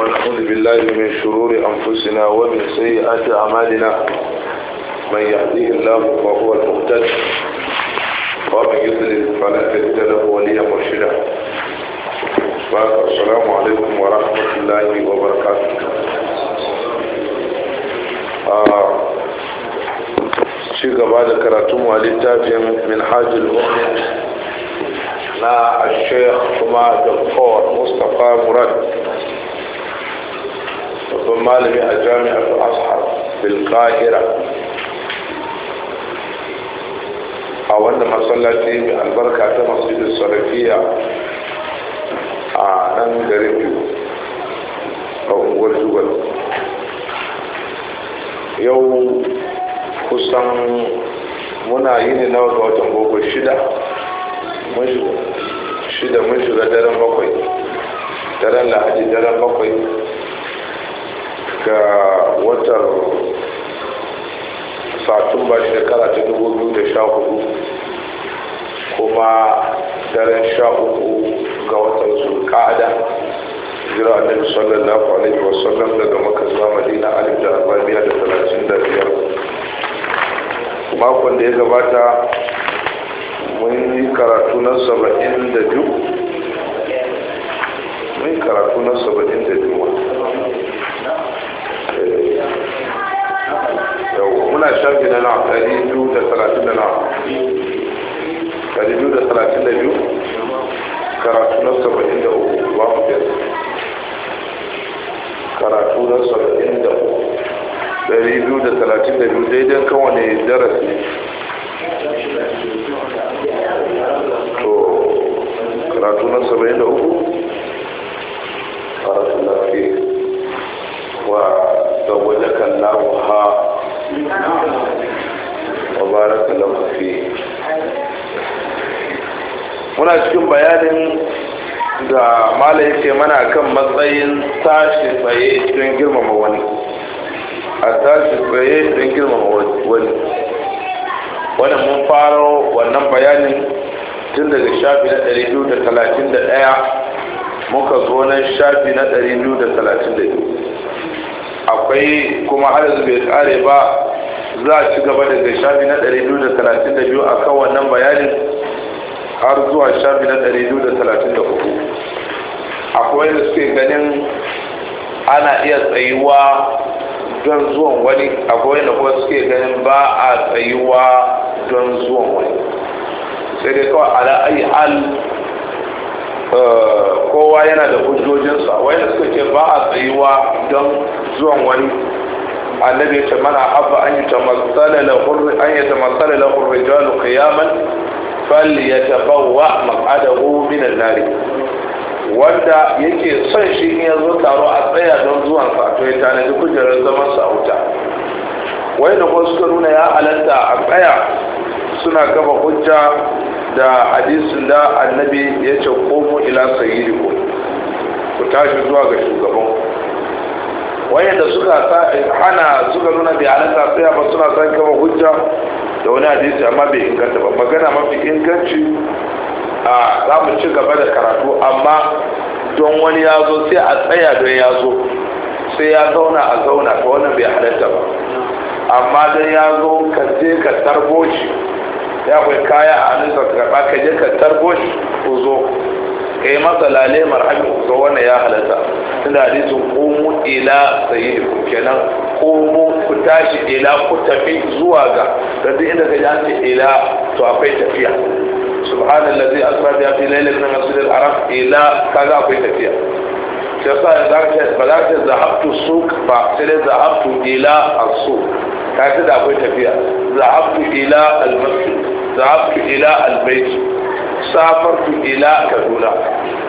ونعوذ بالله من شرور أنفسنا ومن سيئات أعمالنا من يهديه الله فهو المهتد ومن يضلل فلا تجد له وليا مرشدا السلام عليكم ورحمة الله وبركاته آه، شيء بعد da karatunmu من حاج المؤمن لا الشيخ na a مصطفى مراد babban malami a jami'ar ashar bilkahira a wanda masallaci mai albarka ta masjidin sarafiya a nan garin biyu a unguwar jugal yau kusan muna yi ne nawa ga watan gogo shida shida mun shiga daren bakwai daren lahadi daren bakwai ga watan satumba shekara ta hudu kuma daren uku ga watan zulkada jira annabi sallallahu alaihi wasallam daga maka zamani na alif da arba'in da talatin da biyar makon da ya gabata mun yi karatu na mun yi karatu na saba'in da biyu yau muna shafi na na ɗari biyu da talatin da na ɗari biyu da talatin da biyu karatu na saba'in da uku ba mu biyar karatu na saba'in da uku ɗari biyu da talatin da biyu daidai kan wani darasi to karatu na saba'in da uku karatu na fi wa zawajaka Allah ha muna cikin bayanin da mala yake mana kan matsayin tashi tsaye don girmama wani a tashi tsaye don girmama wani wani mun faro wannan bayanin tun daga shafi na 231 muka zo na shafi na 232 akwai kuma har bai kare ba za a ci gaba daga shafi na 232 a kan wannan bayanin har zuwa shafi na 234 akwai da suke ganin ana iya tsayuwa don zuwan wani akwai da kuma suke ganin ba a tsayuwa don zuwan wani sai dai kawai ala ayi al eh, kowa yana da hujjojinsa wanda suka ce ba a tsayuwa don zuwan wani annabi ya ce mana habba an yi tamassala lahu rijalu qiyaman falyatabawwa maq'adahu min an-nar wanda yake son shi in yazo taro a tsaya don zuwan sa to ya tanaji kujerar zaman sa wuta wai da kuma suka nuna ya halatta a tsaya suna gaba hujja da hadisin da annabi ya ce komo ila sayyidiku ku tashi zuwa ga shugaban da suka hana suka nuna bai halatta sai ba suna san kama hujja da wani hadisi amma bai inganta ba magana mafi inganci a za mu ci gaba da karatu amma don wani ya zo sai a tsaya don ya zo sai ya zauna a zauna ta wannan bai halatta ba amma don ya zo ka je ka tarbo shi ya kai kaya a hannunsa ka ka je ka tarbo shi zo kai masa lale marhabi to wannan ya halatta tunda hadisin qumu ila da kenan komo ku tashi ila ku tafi zuwa ga da duk inda kaji an ce ila to akwai tafiya subhanallazi asra bi fi lailatin min masjidil haram ila kaga akwai tafiya shi yasa da zaka ce ba za ka zahabtu suq ba sai dai zahabtu ila as-suq kaga da akwai tafiya zahabtu ila al-masjid zahabtu ila al-bayt safartu ila kaduna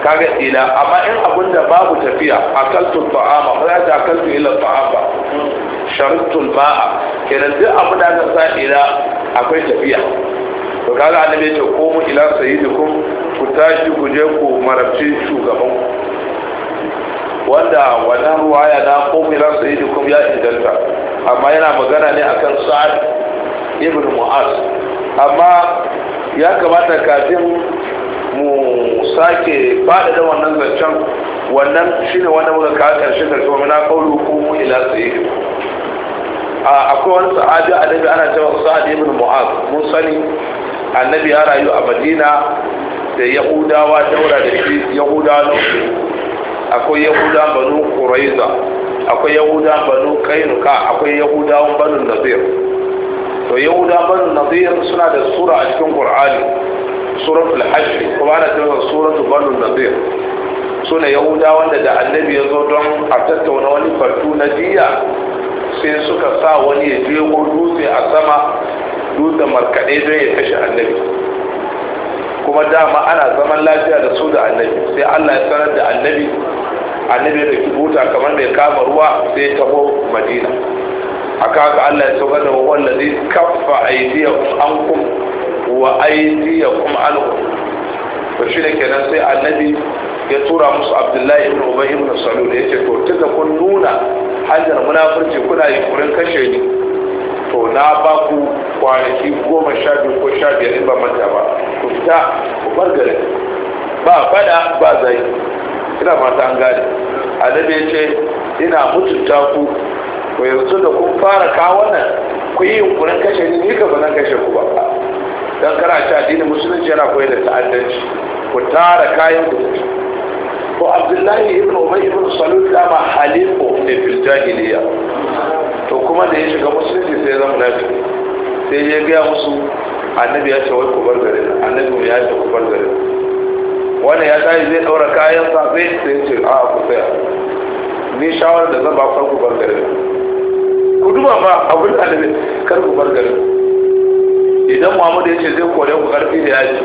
kaga ila amma in abun da babu tafiya akaltu ta'ama ba ta akaltu ila ta'ama shartul ma'a kenan duk abu da aka sa ila akwai tafiya to kaga annabi ya ce ko mu ila sayyidikum ku tashi ku je ku marabci shugaban wanda wannan ruwaya na ko mu ila sayyidikum ya inganta amma yana magana ne akan sa'ad ibn mu'az amma ya kamata kafin mu sake faɗaɗa wannan zancen wannan shine wanda muka kawo ƙarshe karshe wa na kaulu kuma ila tsaye akwai wani sa'adi dabi ana cewa sa'ad ibn mu'az mun sani annabi ya rayu a madina da yahudawa daura da shi yahudawa na uku akwai yahuda banu quraiza akwai yahuda banu kainuka akwai yahuda banu nasir to yahuda banu nazir suna da sura a cikin qur'ani suratul hajj kuma ana cewa suratul banu nadir suna yahuda wanda da annabi ya zo don a tattauna wani fartu na jiya sai suka sa wani ya je ko dutse a sama dutse markaɗe don ya kashe annabi kuma dama ana zaman lafiya da su da annabi sai allah ya sanar da annabi annabi da kibuta kamar mai kama ruwa sai ya taho madina haka haka Allah ya saukar da wa wallazi kaffa aydiyakum ankum wa aydiyakum anhum to shi ne kenan sai annabi ya tura musu abdullahi ibn ubay ibn salul yace to tunda kun nuna hanyar munafurci kuna yunkurin kashe ni to na ba ku kwanaki goma sha biyu ko sha biyar in ba manta ba ku fita ku bar gare ba fada ba zai ina fata an gane annabi ya ce ina mutunta ku ku yanzu da kun fara kawo nan ku yi yunkurin kashe ni ni ka ba kashe ku ba don kana ci addini musulunci yana koyar da ta'addanci ku tara kayan ku ko abdullahi ibn umar ibn salul dama halifu ne fil jahiliya to kuma da ya shiga musulunci sai zama nafi sai ya gaya musu annabi ya ce wai ku bar garin annabi ya ce ku bar garin wanda ya tashi zai daura kayan sa sai sai ce a ku tsaya ne shawarar da zan ba ku bar garin ku duba ba abin ɗalibi kar ku bar garin idan muhammadu ya ce zai kore ku karfi da yaji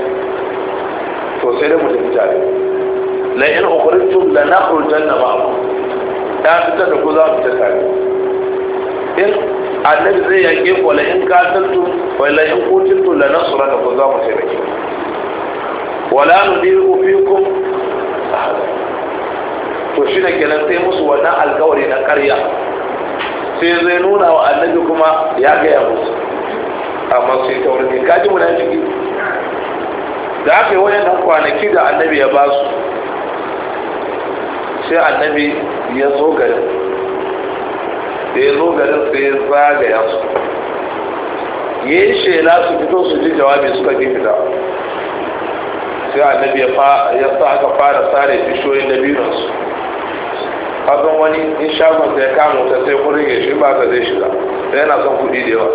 to sai dai mu tafi tare la in ukhrijtum la nakhrujanna ma'akum da fita da ku za mu ta tare in annabi zai yake ku la in qataltu wa la in qutiltu la nasrana ku za mu tare. wala nudiru fikum ahada to shi da kenan sai musu wannan alkawari na karya sai zai nuna wa annabi kuma ya gaya musu amma su yi taurin ne kaji muna ciki da aka yi wayan kwanaki da annabi ya ba su sai annabi ya zo garin da ya zo garin sai ya zagaya su ya yi shela su fito su ji jawabi suka ke fita sai annabi ya sa aka fara sare bishiyoyin A kasan wani in shagon sai kama wuta sai kun rage shi ba ka zai shiga sai yana son kuɗi da yawa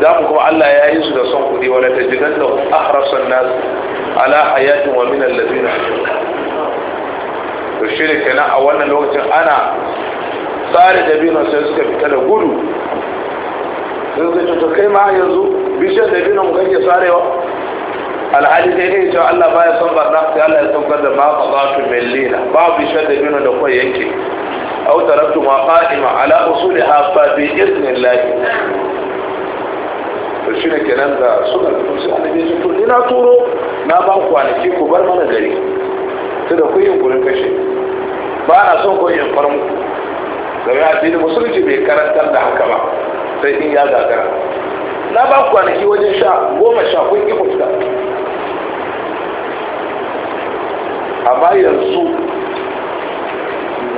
da mu kuma Allah ya yi su da son kuɗi wala ta jigan da ahrasan nas ala hayatin wa min allazina to shi ne kenan a wannan lokacin ana da dabino sai suka fita da gudu sai zai ce to kai ma yanzu bishiyar dabino mu kake sarewa alhali sai dai cewa Allah baya son barna sai Allah ya saukar da ma qadatu millina babu shadda mino da kai yanke aw taraktu ma qa'ima ala usuliha fa bi idnillah to shine kenan da suka tafi annabi su to ina turo na ba ku kwanaki ku bar mana gari sai da kuyin gurin kashe ba na son ku in farmu da ya addini musulunci bai karantar da haka ba sai in ya gagara na ba kwanaki wajen sha goma sha kun ki fuska amma yanzu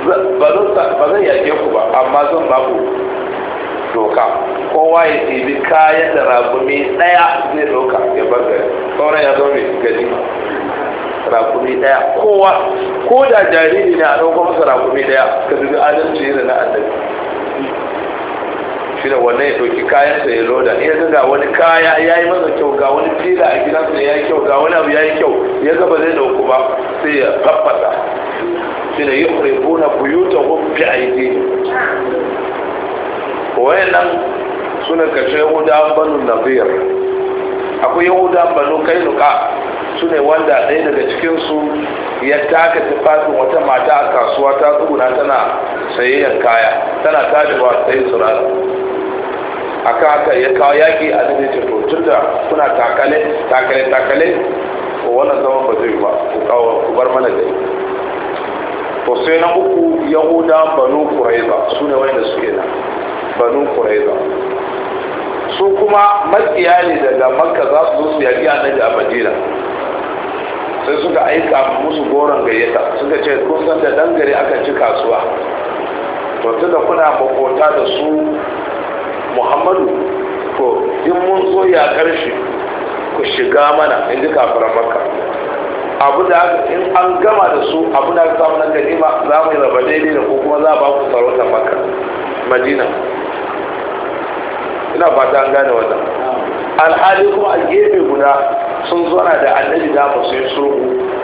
ba zan yage ku ba amma zan ba doka kowa ya ɗibi kayan da rakumi ɗaya zai doka ya bar gari ya zo mai gani rakumi ɗaya kowa ko da jariri ne a ɗauko masa rakumi ɗaya ka zubi adalci da na annabi shi da wannan ya ɗauki kayansa ya loda ya ga wani kaya ya yi masa kyau ga wani fila a sa ya yi kyau ga wani abu ya yi kyau ya ga ba zai dauku ba sai ya faffasa shi da yi rikuna buyuta ko fi aiki nan suna kashe yahudawan banu biyar? akwai yahudawan banu kainuka su ne wanda ɗaya daga cikinsu ya taka tufafin wata mata a kasuwa ta tsuguna tana sayayyar kaya tana tashi ba sai su rana akan haka ya kawo yaƙi a nan ce to tun da kuna takale takale takale wannan zaman ba zai ba ku kawo ku bar mana da to sai na uku yahuda banu kuraiza su ne wanda su yana, banu kuraiza su kuma makiya ne daga makka za su zo su yaƙi a nan da madina sai suka aika musu goron gayyata suka ce kun san da dangare aka ci kasuwa to tunda kuna makota da su muhammadu ko in mun so ya karshe ku shiga mana in ji kafin makka abu da in an gama da su abu da aka samu na ganima za mu yi raba daidai da ko kuma za a ba ku sarautar makka madina ina fata an gane wannan alhali kuma a gefe guda sun zona da annabi da mu sai su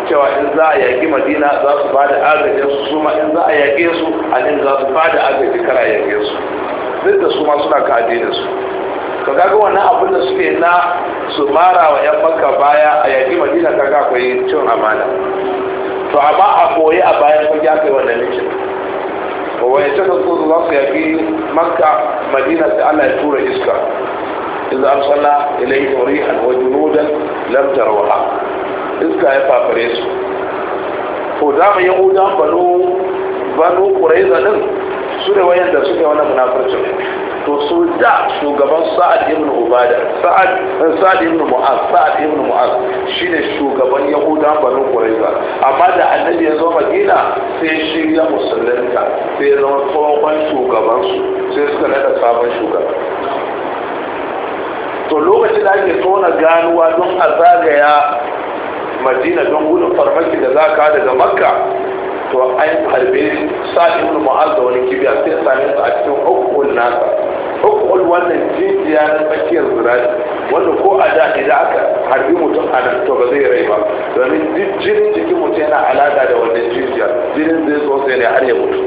cewa in za a yaƙi madina za su ba da agajin su suma in za a yaƙe su annabi za su ba da agajin kara yaƙe su duk da su ma suna ka da su to kaga wannan abin da suke na su mara wa yan makka baya a yaki madina kaga akwai cin amana to amma a koyi a bayan kun ya kai wannan mijin wa ya taka su za su yaki makka madina da allah ya tura iska arsala ilayhi rihan wa junudan lam تروها iska ya fafare su da mu yahudan banu banu kuraiza din su da wayan da suke wannan munafurcin to su da shugaban sa'ad ibn ubada sa'ad sa'ad ibn mu'az sa'ad ibn mu'az shine shugaban yahudan banu quraiza amma da annabi ya zo madina sai shi ya musulunta sai zama tsohon shugaban su sai suka nada sabon shugaba to lokacin da ake tona ganuwa don a zagaya madina don gudun farmaki da za ka daga makka to an harbe sa ibn mu'az da wani kibiya sai a su a cikin hukul nasa hukul wannan jijiya na tsakiyar zirari wanda ko a da idan aka harbi mutum a nan to ba zai rai ba domin jinin jikin mutum yana alaka da wannan jijiya jinin zai zo sai ne har ya mutu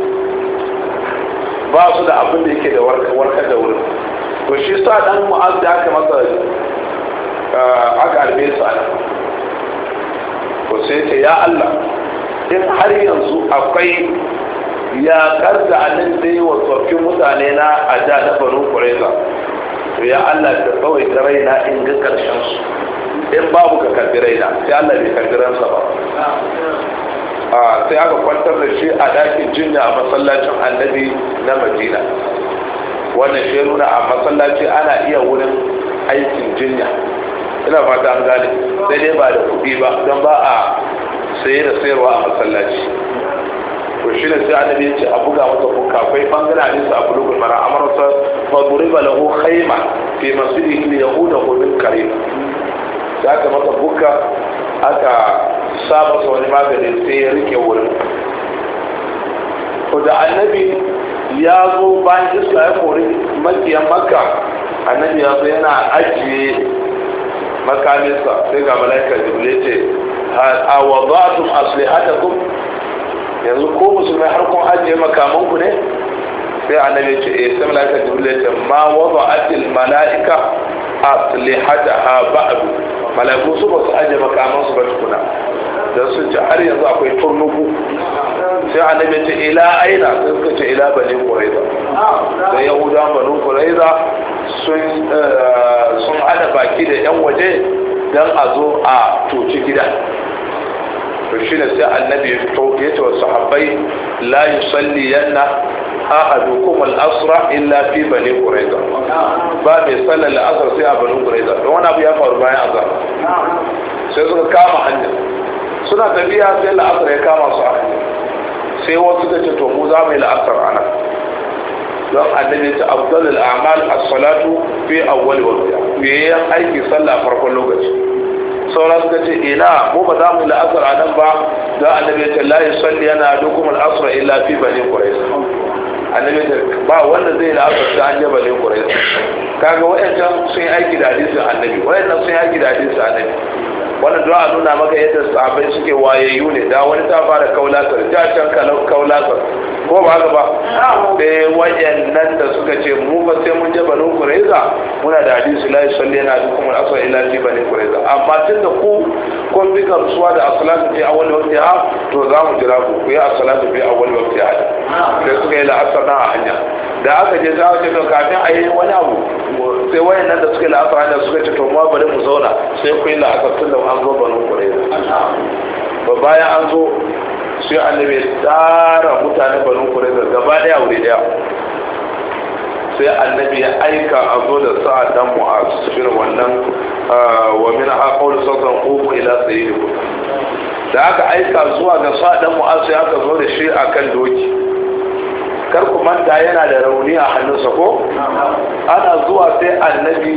ba su da abin da yake da warkar da wurin to shi sa dan mu'az da aka masa eh, aka harbe su a nan ko sai ya Allah in har yanzu akwai yaƙar karza alin da yi wa tsoffin mutane na a da na banu kureza to ya allah da tsawai ta raina in ga karshen su in babu ka karbi raina sai allah bai karbi ransa ba sai aka kwantar da shi a ɗakin jinya a masallacin annabi na madina wannan shi nuna a masallaci ana iya wurin aikin jinya ina fata an gane sai dai ba da kuɗi ba don ba a saye da sayarwa a masallaci to shi ne sai annabi ya ce a buga masa kuka akwai bangare hadisi a bulugul mara amarsa fa duriba lahu khayma fi masjidi li yahuda min karim da aka masa buka aka saba sa wani magani sai ya rike wurin to da annabi ya zo bayan iska ya kori makiyan makka annabi ya zo yana ajiye makaminsa sai ga malaika jibril ce a wada'atum aslihatakum yanzu ko musulmai har kun ajiye makamanku ne sai annabi ce eh sai malaika jibril ya ce ma atil malaika ha ba'du malaiku su ba su aje makaman su ba tukuna dan su ce har yanzu akwai turnuku sai annabi ce ila aina sai suka ce ila bani quraiza da yahudan bani quraiza sun eh, sun ada baki da yan waje dan a zo a toci gida to shi ne sai annabi ya fito ya ce wa sahabbai la yusalli yanna ahadukum al-asra illa fi bani quraiza ba mai sallar al-asr sai a bani quraiza don wani abu ya faru bayan azhar sai suka kama hanya suna tafiya sai la'asar ya kama su a hanya sai wasu da ce to mu za mu yi la'asar ana don annabi ta afdalul a'mal as-salatu fi awwal waqtiha me aiki sallah farkon lokaci sauran suka ce ina mu ba za mu la'asar a nan ba za a nabi ta layi salli yana dukkan al'asar illa fi bane a annabi ta ba wanda zai la'asar ta an jaba ne kuraisa kaga wayancan sun yi aiki da a annabi wayannan sun yi aiki da hadisin annabi wannan a nuna maka yadda sabai suke wayayyu ne da wani ta fara kaulatar da can kalau kaulatar ko ba haka ba wajen nan da suka ce mu ba sai mun je banu kureza muna da hadisi la yusalli na dukum kuma asa ila ti banu kureza amma da ku ko bika suwa da as-salatu fi awwal ha to za mu jira ku ku yi as-salatu fi awwal ha sai suka yi la asana hanya da aka je za ce to kafin a yi wani abu sai nan da suka yi la'asar hanya suka ce to ma bari mu zauna sai ku yi la'asar da an zo banu kureza ba bayan an zo sai annabi ya tsara mutane banu kuraiza gaba daya wuri daya sai annabi ya aika a zo da sa'ad dan mu'az shi wannan wa min haqul sazan qumu ila sayyidikum da aka aika zuwa ga sa'ad dan mu'az sai aka zo da shi akan doki kar ku manta yana da rauni a hannunsa ko ana zuwa sai annabi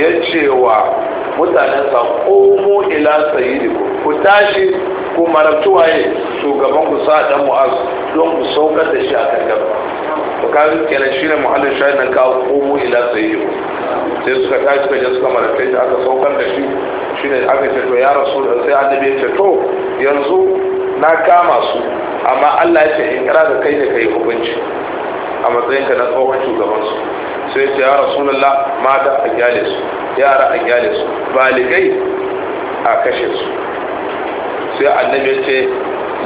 ya ce wa mutanensa komo ila sayidi ku tashi ku marabtu waye shugaban ku sa dan mu'az don ku saukar da shi a kan gaba to kan kenan shine muhallin shayin nan ka komo ila sayidi sai suka tashi suka je suka marabta shi aka saukar da shi shine aka ce to ya da sai annabi ya ce to yanzu na kama su amma allah ya ce in kira da kai da kai hukunci a matsayinka na tsohon shugaban su. sai ce ya rasulullah mata a gyale su yara a gyale su baligai a kashe su sai annabi ya ce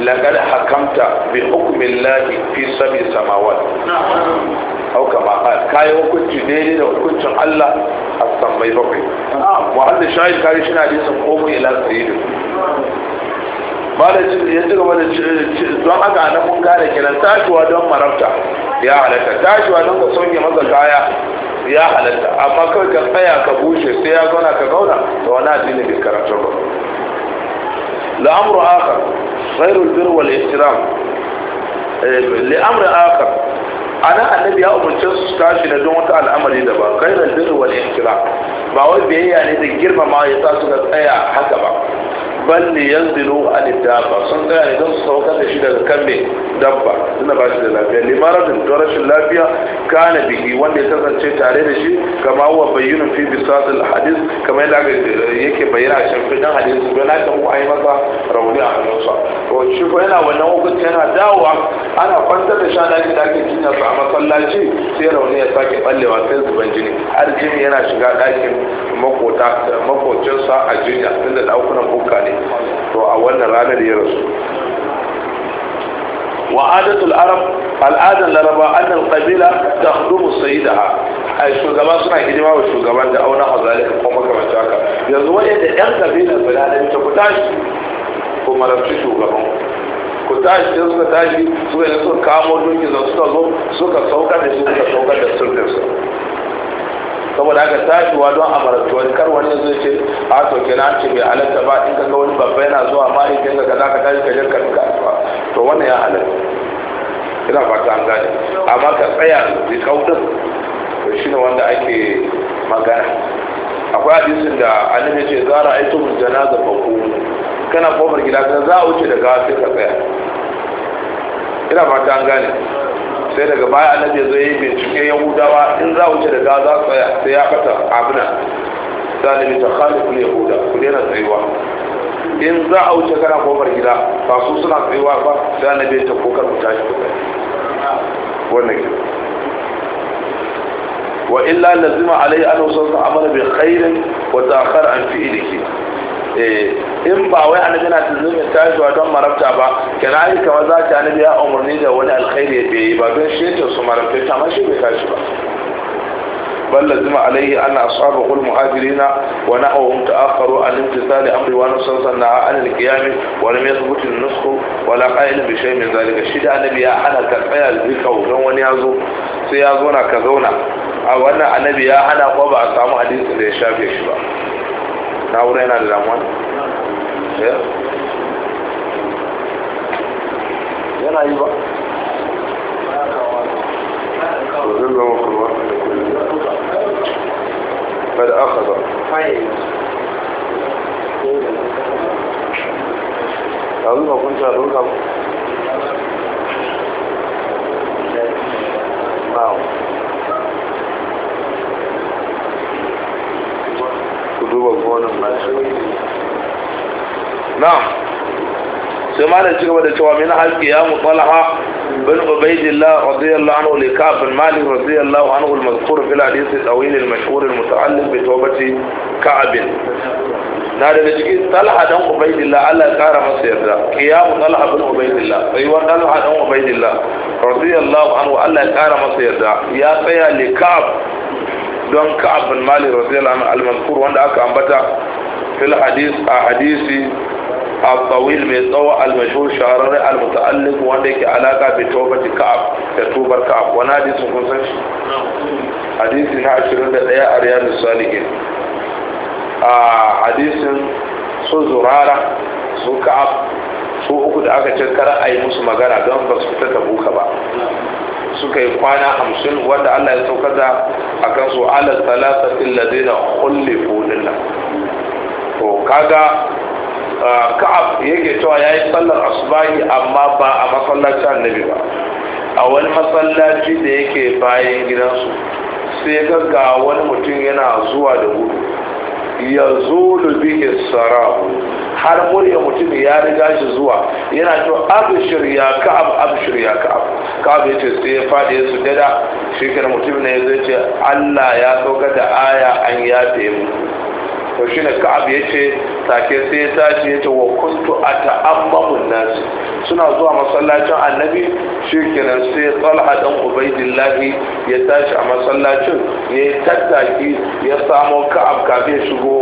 lagar hakamta bi hukumin lahi fi sami samawat hau kama kayan hukunci ne da hukuncin allah a sammai bakwai muhallin shahid kari shi na nisan komai ila sayidu malacin ya ci gaba da don haka na mun gane kiran tashiwa don marabta ya halatta tashiwa don ka sauke masa kaya ya halatta amma kawai ka tsaya ka bushe sai ya zauna ka zauna da wani addini bai karatu ba la'amru akar ghairul bir wal ihtiram eh, la'amru akar ana annabi ya umarce su tashi na don wata al'amari da ba ghairul bir wal ihtiram ba wai biyayya ne da girmama ya sa suka tsaya haka ba balli yanzilu alif dabba sun gaya ne don su saukar da shi daga kan mai dabba tunda ba shi da lafiya limaratin don rashin lafiya kana biki wanda ya kasance tare da shi kama huwa bayyinun fi bisatul hadis kamar yadda eh, yake bayyana a cikin fitan hadis don haka mu a ayi masa rauni a hannunsa to shi ko yana wannan hukunci yana dawowa ana kwantar da shan daji da ake jinya sa a masallaci sai rauni ya sake ballewa sai zuban jini har jini yana shiga ɗakin makocinsa a jinya tunda ɗakunan bukka ne to a wannan ranar ya rasu wa adatul arab laraba annal Kabila, ta hudu sayidaha a shugaba suna hidima wa shugaban da auna a zalika ko makamanci haka yanzu wajen da yan kabila su da ta ku tashi ku marabci shugaban ku tashi sai suka tashi suka yi suka kamo dukkan suka zo suka sauka da suka sauka da sirrinsa saboda haka tashiwa don amarci wani kar wani zai ce a to na ce mai halatta ba in ka ga wani babba yana zuwa ma in kenga ka zaka tashi ka je ka duka to wannan ya halatta ina fata an gane amma ka tsaya da kaudin to shine wanda ake magana akwai hadisin da annabi ce zara aitu mun janaza fa ku kana kofar gida ka za a wuce daga sai ka tsaya ina fata an gane sai daga baya annabi ya zai yi bincike yahudawa in za wuce da gaza tsaya sai ya fata abuna zalimi ta khalifin yahuda ku daina tsayuwa in za a wuce kana kofar gida ba su suna tsayuwa ba sai annabi ta kokar ku tashi ku tsaye wannan ke wa illa lazima alai an wasu amara bi khairin wa ta'akhar an fi'ilihi Eh, in ba wai annabi na tunzu ne ta zuwa don marabta ba kana yi kama za ki annabi ya umarni da wani alkhairi ya bai yi ba don shetan su marabta ta amma shi bai tashi ba balla zuma alaihi anna ashabu qul muhajirina wa na'uhum ta'akharu an intizali amri wa nusan sanna an alqiyam wa lam yathbut an-nusku wa la qa'ila bi shay'in min dhalika shida annabi ya hana ka tsaya zika don wani yazo sai ya zo ka zauna a wannan annabi ya hana a samu hadisi da ya shafe shi ba na'ura yana da damuwa eh? yana yi ba قد أخذ أظن كنت أقول نعم duba gonin masu na'am sai malam cigaba da cewa min halki ya mu talha bin ubaidillah radiyallahu anhu li ka'b bin mali, radiyallahu anhu al-mazkur fil hadith al-awil al-mashhur al-muta'alliq bi tawbati ka'b na daga cikin talaha dan ubaidillah Allah ya kara masa yarda qiyamu talaha bin ubaidillah tsayuwar talha dan ubaidillah radiyallahu anhu Allah ya kara masa yarda ya tsaya li ka'b don ka'ab bin malik radiyallahu anhu al-mazkur wanda aka ambata fil hadith a hadisi الطويل من طوى المشهور شهر المتألف وانك علاقة بتوبة كعب يتوبة كعب وانا حديث مكنسش حديث عشرين دقيقة رياض الصالحين A سو زرارة سو كعب su uku da aka ce kar a yi musu magana don ba su fita tabuka ba suka yi kwana hamsin wanda Allah ya saukata a kan su ala talatatin ladina kulle fulila to kaga ka'ab yake cewa ya yi sallar asubahi amma ba a masallaci annabi ba a wani masallaci da yake bayan gidansu sai ga wani mutum yana zuwa da gudu zulu bihi sarahu har murya mutum ya riga shi zuwa yana cewa abshir ya ka'ab abshir ya ka'ab ka'ab yace sai ya fadi ya sujada shi mutum ne zai ce Allah ya sauka da aya an yafe mu to shine ka'ab ce, take sai ya tashi ya ce wa kuntu ata'ammamu nas suna zuwa masallacin annabi Shi shikenan sai talha dan ubaidillah ya tashi a masallacin ya tattaki ya samo ka'ab kafin shigo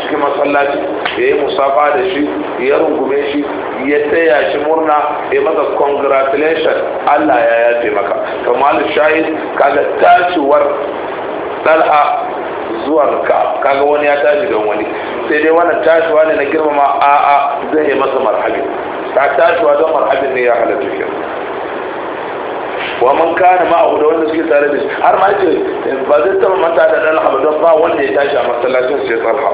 cikin masallaci ya yi musafa da shi ya rungume shi ya taya shi murna ya masa congratulation allah ya yafe maka kamar shahid kaga tashiwar dal'a zuwa ga ka kaga wani ya tashi don wani sai dai wannan tashiwa ne na girmama a a zai yi masa marhabin ta tashiwa don marhabin ne ya halatta shi wa man kana ma abu da wanda suke tare da shi har ma ce ba zai taba manta da dan haba don ba wanda ya tashi a masallacin sai tsarha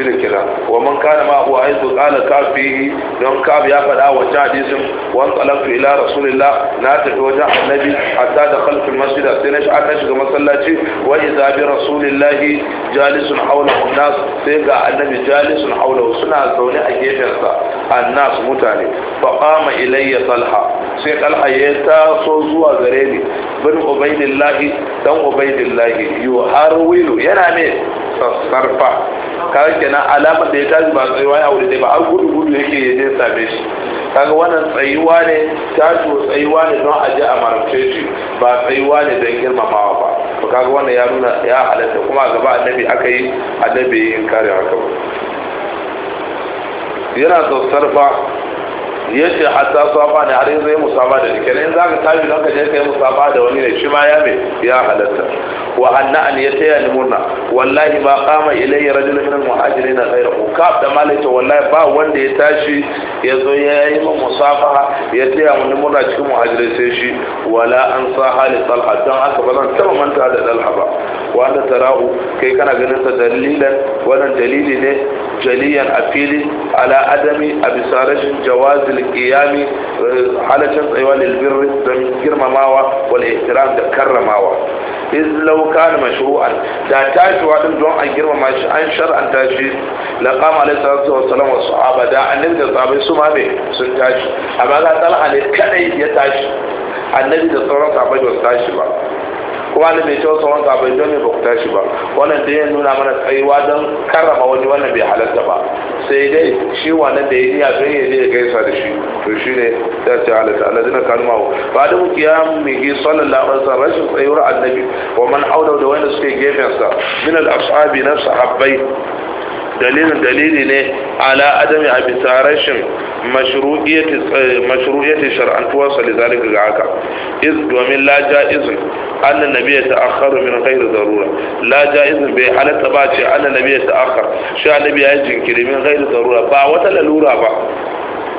fil kira wa man kana ma huwa aizu qala ka fihi don kaf ya faɗa wa hadisin wa qalatu ila rasulillah na tafi wajen annabi hatta da khalfil masjid sai na shi an shiga masallaci wa idza bi rasulillah jalisun hawla nas sai ga annabi jalisun hawla suna zaune a gefen sa annas mutane fa qama ilayya talha sai talha ya taso zuwa gare ni bin ubaidillahi dan ubaidillahi yuharwilu yana ne sassarfa kawai kenan alama da ya tashi ba tsayuwa ya aure ba an gudu gudu yake ya je same shi kaga wannan tsayuwa ne tashi tsayuwa ne don aje a marabce shi ba tsayuwa ne don girmamawa ba to kaga wannan ya nuna ya halatta kuma a gaba annabi aka yi annabi yin kare haka yana sassarfa ya ce hatta safa ne har zai musaba da shi kenan za ka tashi don ka je ka yi musaba da wani ne shi ma ya me ya halatta wa anna an ya taya ni murna wallahi ba kama ilayya rajulun min na muhajirin ghayruhu ka da malaita wallahi ba wanda ya tashi ya zo ya yi min musafaha ya taya mu murna cikin muhajirin sai shi wala an sa hali talha don haka ba zan taba manta da talha ba wanda tarahu kai kana ganin sa dalilan wannan dalili ne jaliyan a fili ala adami a bisa rashin jawazil alƙiyami eh, halaccin tsayuwa lilbirri don girmamawa wal ihtiram da karramawa iz law kana mashru'an da tashiwa din don a girmama shi an shar'anta shi laqama alaihi salatu wa salam wa sahaba da annabi da sahabbai su ma me sun tashi amma ga talha ne kadai ya tashi su tashi ba wani mai kyau sauran ka bai don ba ku tashi ba wannan da ya nuna mana tsayuwa don karrama wani wannan bai halatta ba sai dai shi wannan da ya yi a ya gaisa da shi to shi ne ta ce halatta na kalma hu ba da muke ya migi sallallahu alaihi rashin tsayuwar annabi wa man aula da wanda suke gefensa min al-ashabi na sahabbai dalilin dalili ne ala adami a bisa rashin mashru'iyyati eh, shar'antuwar sa lizalika ga haka iz domin la ja'izun anna nabiyya ta'akhkharu min ghairi darura la ja'izun bai halatta ba ce anna nabiyya ta'akhkhar shi annabi ya jinkiri min ghairi darura ba wata lalura ba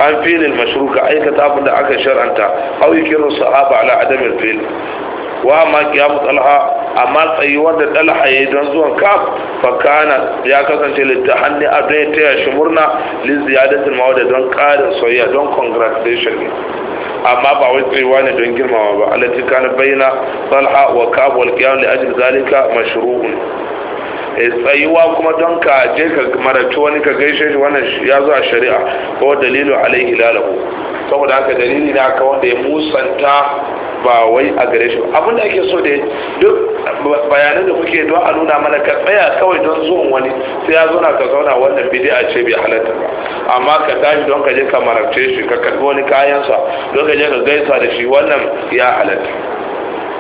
an filin mashruka aikata abin da aka shar'anta au yakiru sahaba ala adamil fil wa ma qiyamu talha amma tsayuwar da talha yayi don zuwan kaf fakana ya kasance littahanni a don ta ya shumurna li ziyadatul mawadda don karin soyayya don congratulation ne amma ba wai tsayuwa ne don girmama ba alati kana bayyana talha wa kaf wal qiyam li ajli zalika mashru'un Eh, tsayuwa kuma don ka je ka maraci wani ka gaishe shi wannan ya zo a shari'a ko dalilu alaihi lalahu saboda haka dalili na aka wanda ya musanta ba wai a gare shi abin da ake so da duk bayanan da kuke don a nuna mana ka tsaya kawai don zuwan wani sai ya zauna ka zauna wannan bidi'a ce bai halatta ba amma ka tashi don ka je ka marabce shi ka karbi wani kayansa don ka je ka gaisa da shi wannan ya halatta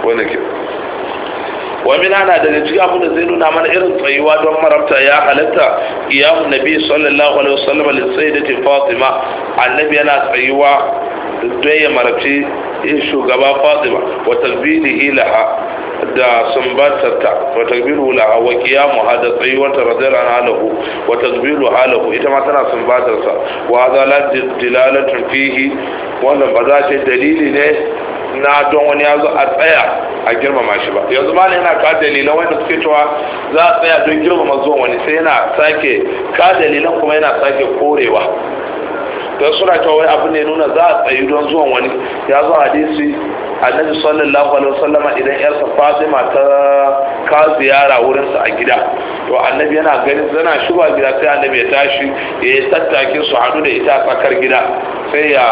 wannan ke wa min da cikin abin da zai nuna mana irin tsayuwa don marabta ya halatta iyamun nabi sallallahu alaihi wasallam lissaidati fatima annabi yana tsayuwa don ya marabci shugaba fatima wa tasbihi laha da sumbatarta wa takbiru laha wa qiyamu ta tsayuwarta radiyallahu anhu wa takbiru halahu ita ma tana sumbatarsa wa hadha la dilalatun fihi wannan ba za ta dalili ne na don wani ya zo a tsaya a girmama shi ba yanzu malam yana ka dalilan wanda suke cewa za a tsaya don girmama zuwan wani sai yana sake ka dalilan kuma yana sake korewa da suna cewa wani abu ne nuna za a tsayi don zuwan wani ya zo hadisi annabi sallallahu alaihi wasallama idan yarsa fatima ta ka ziyara wurinsa a gida to annabi yana ganin zana shigo gida sai annabi ya tashi ya yi tattake su hadu da ita a tsakar gida sai ya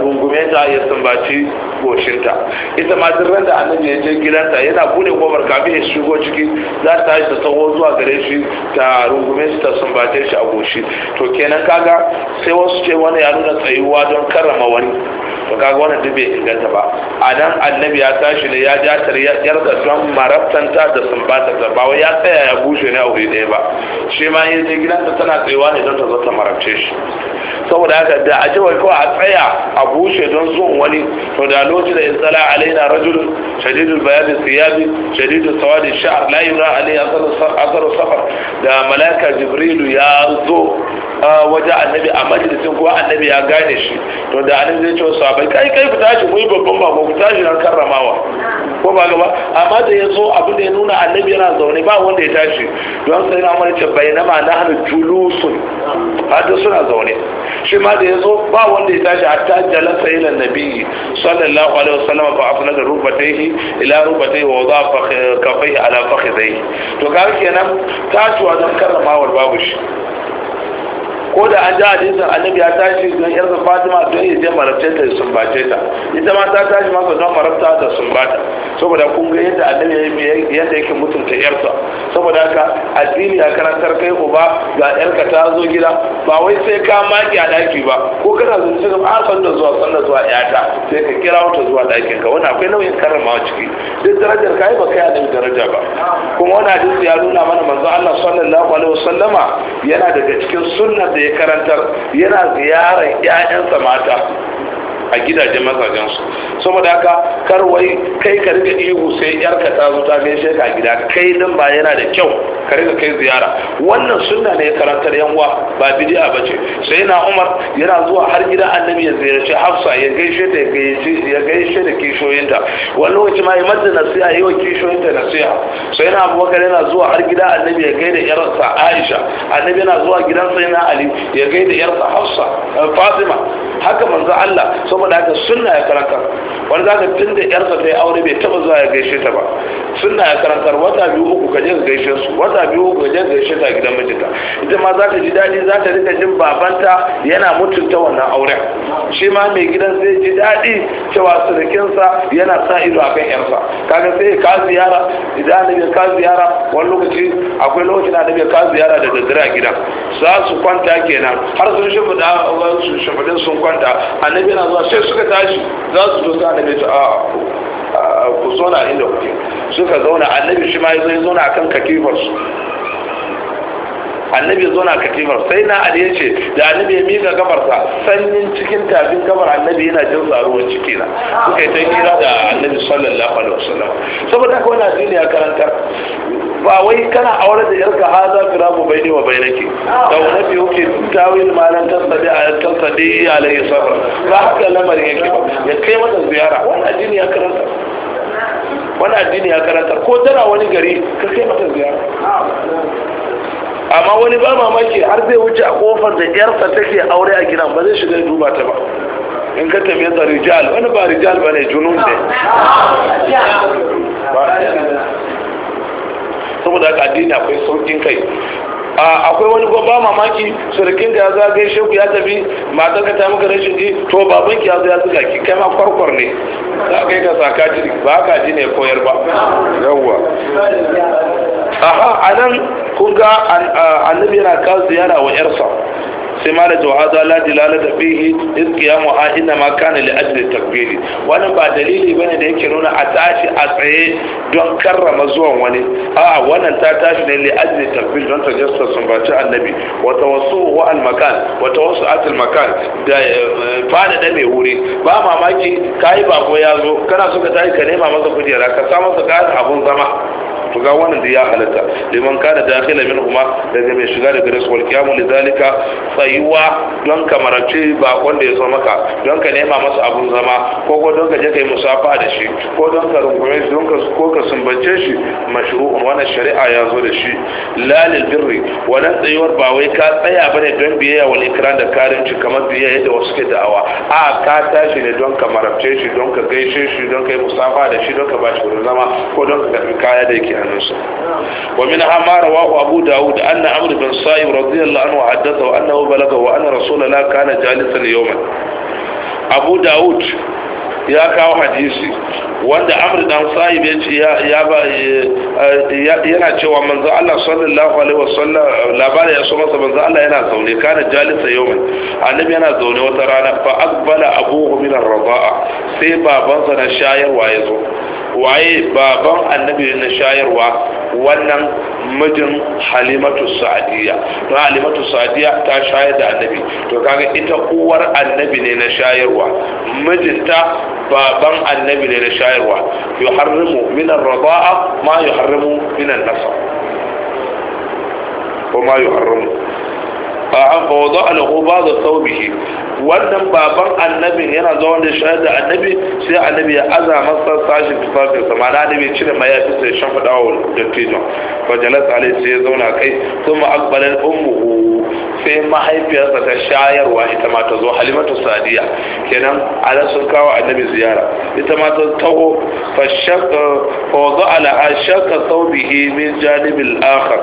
rungume ta ya sumbaci goshinta ita ma duk randa annabi ya je gidanta yana bude kofar kafin ya shigo ciki za ta yi ta taho zuwa gare shi ta rungume shi ta sumbace shi a goshi to kenan kaga sai wasu ce wani ya nuna tsayuwa don karrama wani to kaga wannan duk bai inganta ba a nan annabi ya tashi ne ya ja ta yarda don marabtanta da sumbata ta ba wai ya tsaya ya bushe ne a wuri ɗaya ba shi ma ya je gidanta tana tsayuwa ne don ta zo ta marabce shi saboda haka da a ce wai kawai a tsaya a bushe don zuwan wani to da قال وجد إن طلع علينا رجل شديد البياض الثياب شديد السواد الشعر لا يرى عليه أثر السفر ده ملاك جبريل يا wajen annabi a majalisin kuwa annabi ya gane shi to da annabi zai cewa sabai kai kai ku tashi mu yi babban bako ku tashi nan karramawa ko ba gaba amma da ya zo abin da ya nuna annabi yana zaune ba wanda ya tashi don sai na mara ce bainama na hannu julusun hada suna zaune shi ma da ya zo ba wanda ya tashi hatta jalasa ila nabi sallallahu alaihi wasallam fa afna da rubataihi ila rubataihi wa za kafai ala fakhidaihi to ga kenan tashiwa don karramawar babu shi ko da an ji hadisin annabi ya tashi don yarda fatima don ya je marabta ta sun ta ita ma ta tashi ma don marabta da sumbata, saboda kun ga yadda annabi yadda yake mutunta yarsa saboda haka addini a karantar kai uba ga yarka ta zo gida ba wai sai ka maki a daki ba ko kana zo ga a san da zuwa san zuwa yata sai ka kira wata zuwa dakin ka wannan akwai nauyin a ciki duk darajar kai ba kai annabi daraja ba kuma wannan hadisi ya nuna mana manzo Allah sallallahu alaihi wasallama yana daga cikin sunnar da karantar yana ziyarar 'ya'yansa mata a gidajen mazajensu saboda haka kar wai kai ka rika ihu sai yarka ta zo ta gaishe ka gida kai nan ba yana da kyau ka rika kai ziyara wannan sunna ne karantar yan uwa ba bid'a bace sai na Umar yana zuwa har gida Annabi ya ziyarci Hafsa ya gaishe da gaishe ya gaishe da kishoyinta wani lokaci ma ya madda nasiha yi wa kishoyinta nasiha sai na Abubakar yana zuwa har gida Annabi ya gaida yarsa Aisha Annabi yana zuwa gidan sai na Ali ya gaida yarsa Hafsa Fatima haka manzo Allah saboda haka sunna ya karantar wani tun da yarsa ta yi aure bai taba zuwa ya gaishe ta ba sunna ya karantar wata biyu uku ka je ka gaishe su wata biyu uku ka je ka gaishe ta gidan mijinta ita ma za ta ji daɗi za ta rika jin babanta yana mutunta wannan auren shi ma mai gidan zai ji daɗi cewa surukinsa yana sa ido akan yarsa kaga sai ka ziyara idan annabi ka ziyara wani lokaci akwai lokacin annabi ka ziyara da daddare a gidan za su kwanta kenan har sun shimfiɗa sun kwanta annabi yana zuwa ce suka tashi za su zo sa annabi a ah, ah, ku zauna inda kuke suka zauna annabi shi ma ya zo ya zauna akan kakifarsu annabi ya zauna katifar sai na ali ya ce da annabi ya miƙa gabarsa sanyin cikin tafin gabar annabi yana jin tsaruwar ciki na suka yi ta kira da annabi sallallahu alaihi wasallam saboda haka wani addini ya karantar ba wai kana aure da yarka haza firamu bai ne wa bai nake da wani fi hukke tawil malan tasadi a tasadi alaihi sabr ba haka lamarin yake ba ya kai mata ziyara wani addini ya karanta wani addini ya karanta ko tana wani gari ka kai mata ziyara amma wani ba mamaki har zai wuce a kofar da yarsa take aure a gidan ba zai shiga duba ta ba in ka tafiye sa rijal wani ba rijal ba ne junun ne saboda ka addini akwai saukin kai akwai wani ba mamaki surukin da ya zo gaishe ya tafi matar ka ta maka rashin ji to baban ki ya zo ya ki kai ma kwarkwar ne za kai ka ji ba ka ji ne koyar ba yawwa aha anan kun ga annabi yana kawo ziyara wa yarsa sai ma da jawaza la dilala da fihi iz qiyamu ha inna ma kana li ajli takbiri wannan ba dalili bane da yake nuna a tashi a tsaye don karrama zuwan wani a wannan ta tashi ne li ajli takbir don ta jasta sun baci annabi wa tawassu wa al makan wa tawassu al makan da eh, fada da mai wuri ba mamaki kai bako ya zo kana so ka tashi ka nema masa kujera ka sa ka kayan abun zama to ga wannan da ya halatta liman kana dakhila min huma daga mai shiga daga rasu wal kiyamu lidalika tsayuwa don ka marabce ba wanda ya zo maka don ka nema masa abun zama ko ko don ka je kai musafa da shi ko don ka rungume shi don ka ko ka sumbace shi mashru'un wannan shari'a ya zo da shi lalil birri wannan tsayuwar ba wai ka tsaya bane don biyayya wal ikran da karimci kamar biyayya da wasu ke da'awa a ka tashi ne don ka marabce shi don ka gaishe shi don ka yi musafa da shi don ka ba shi zama ko don ka karbi kaya da yake ومنها ما رواه أبو داود أن عمرو بن صائب رضي الله عنه حدثه أنه بلغه وأن رسول الله كان جالسا يوما أبو داود يا كاو حديثي wanda amr dan sa'ib ya ce ya ba yana cewa manzo Allah sallallahu alaihi wasallam labarin ya so masa manzo Allah yana zaune kana jalisa yawman annabi yana zaune wata rana fa aqbala abuhu min ar-rida'a sai babansa na shayarwa ya zo waye baban annabi na shayarwa wannan mijin halimatu sa'diya don halimatu sa'diya ta shayar da annabi to kaga ita uwar annabi ne na shayarwa mijinta baban annabi ne na shayarwa الشاعر يحرم من الرضاعة ما يحرم من النصر وما يحرم fa wada alahu ba da saubihi wannan baban annabin yana zaune da shayar da annabi sai annabi ya aza masa sashin tufafin sa ma'ana annabi cire ma ya fi sai shan fada da dattijon fa jalas alai sai ya zauna kai kuma akbalin ummuhu sai mahaifiyarsa ta shayarwa ita ma ta zo halimatu sadiya kenan ala sun kawo annabi ziyara ita ma ta taho fa shakka ala a alaha shakka saubihi min janibil akhar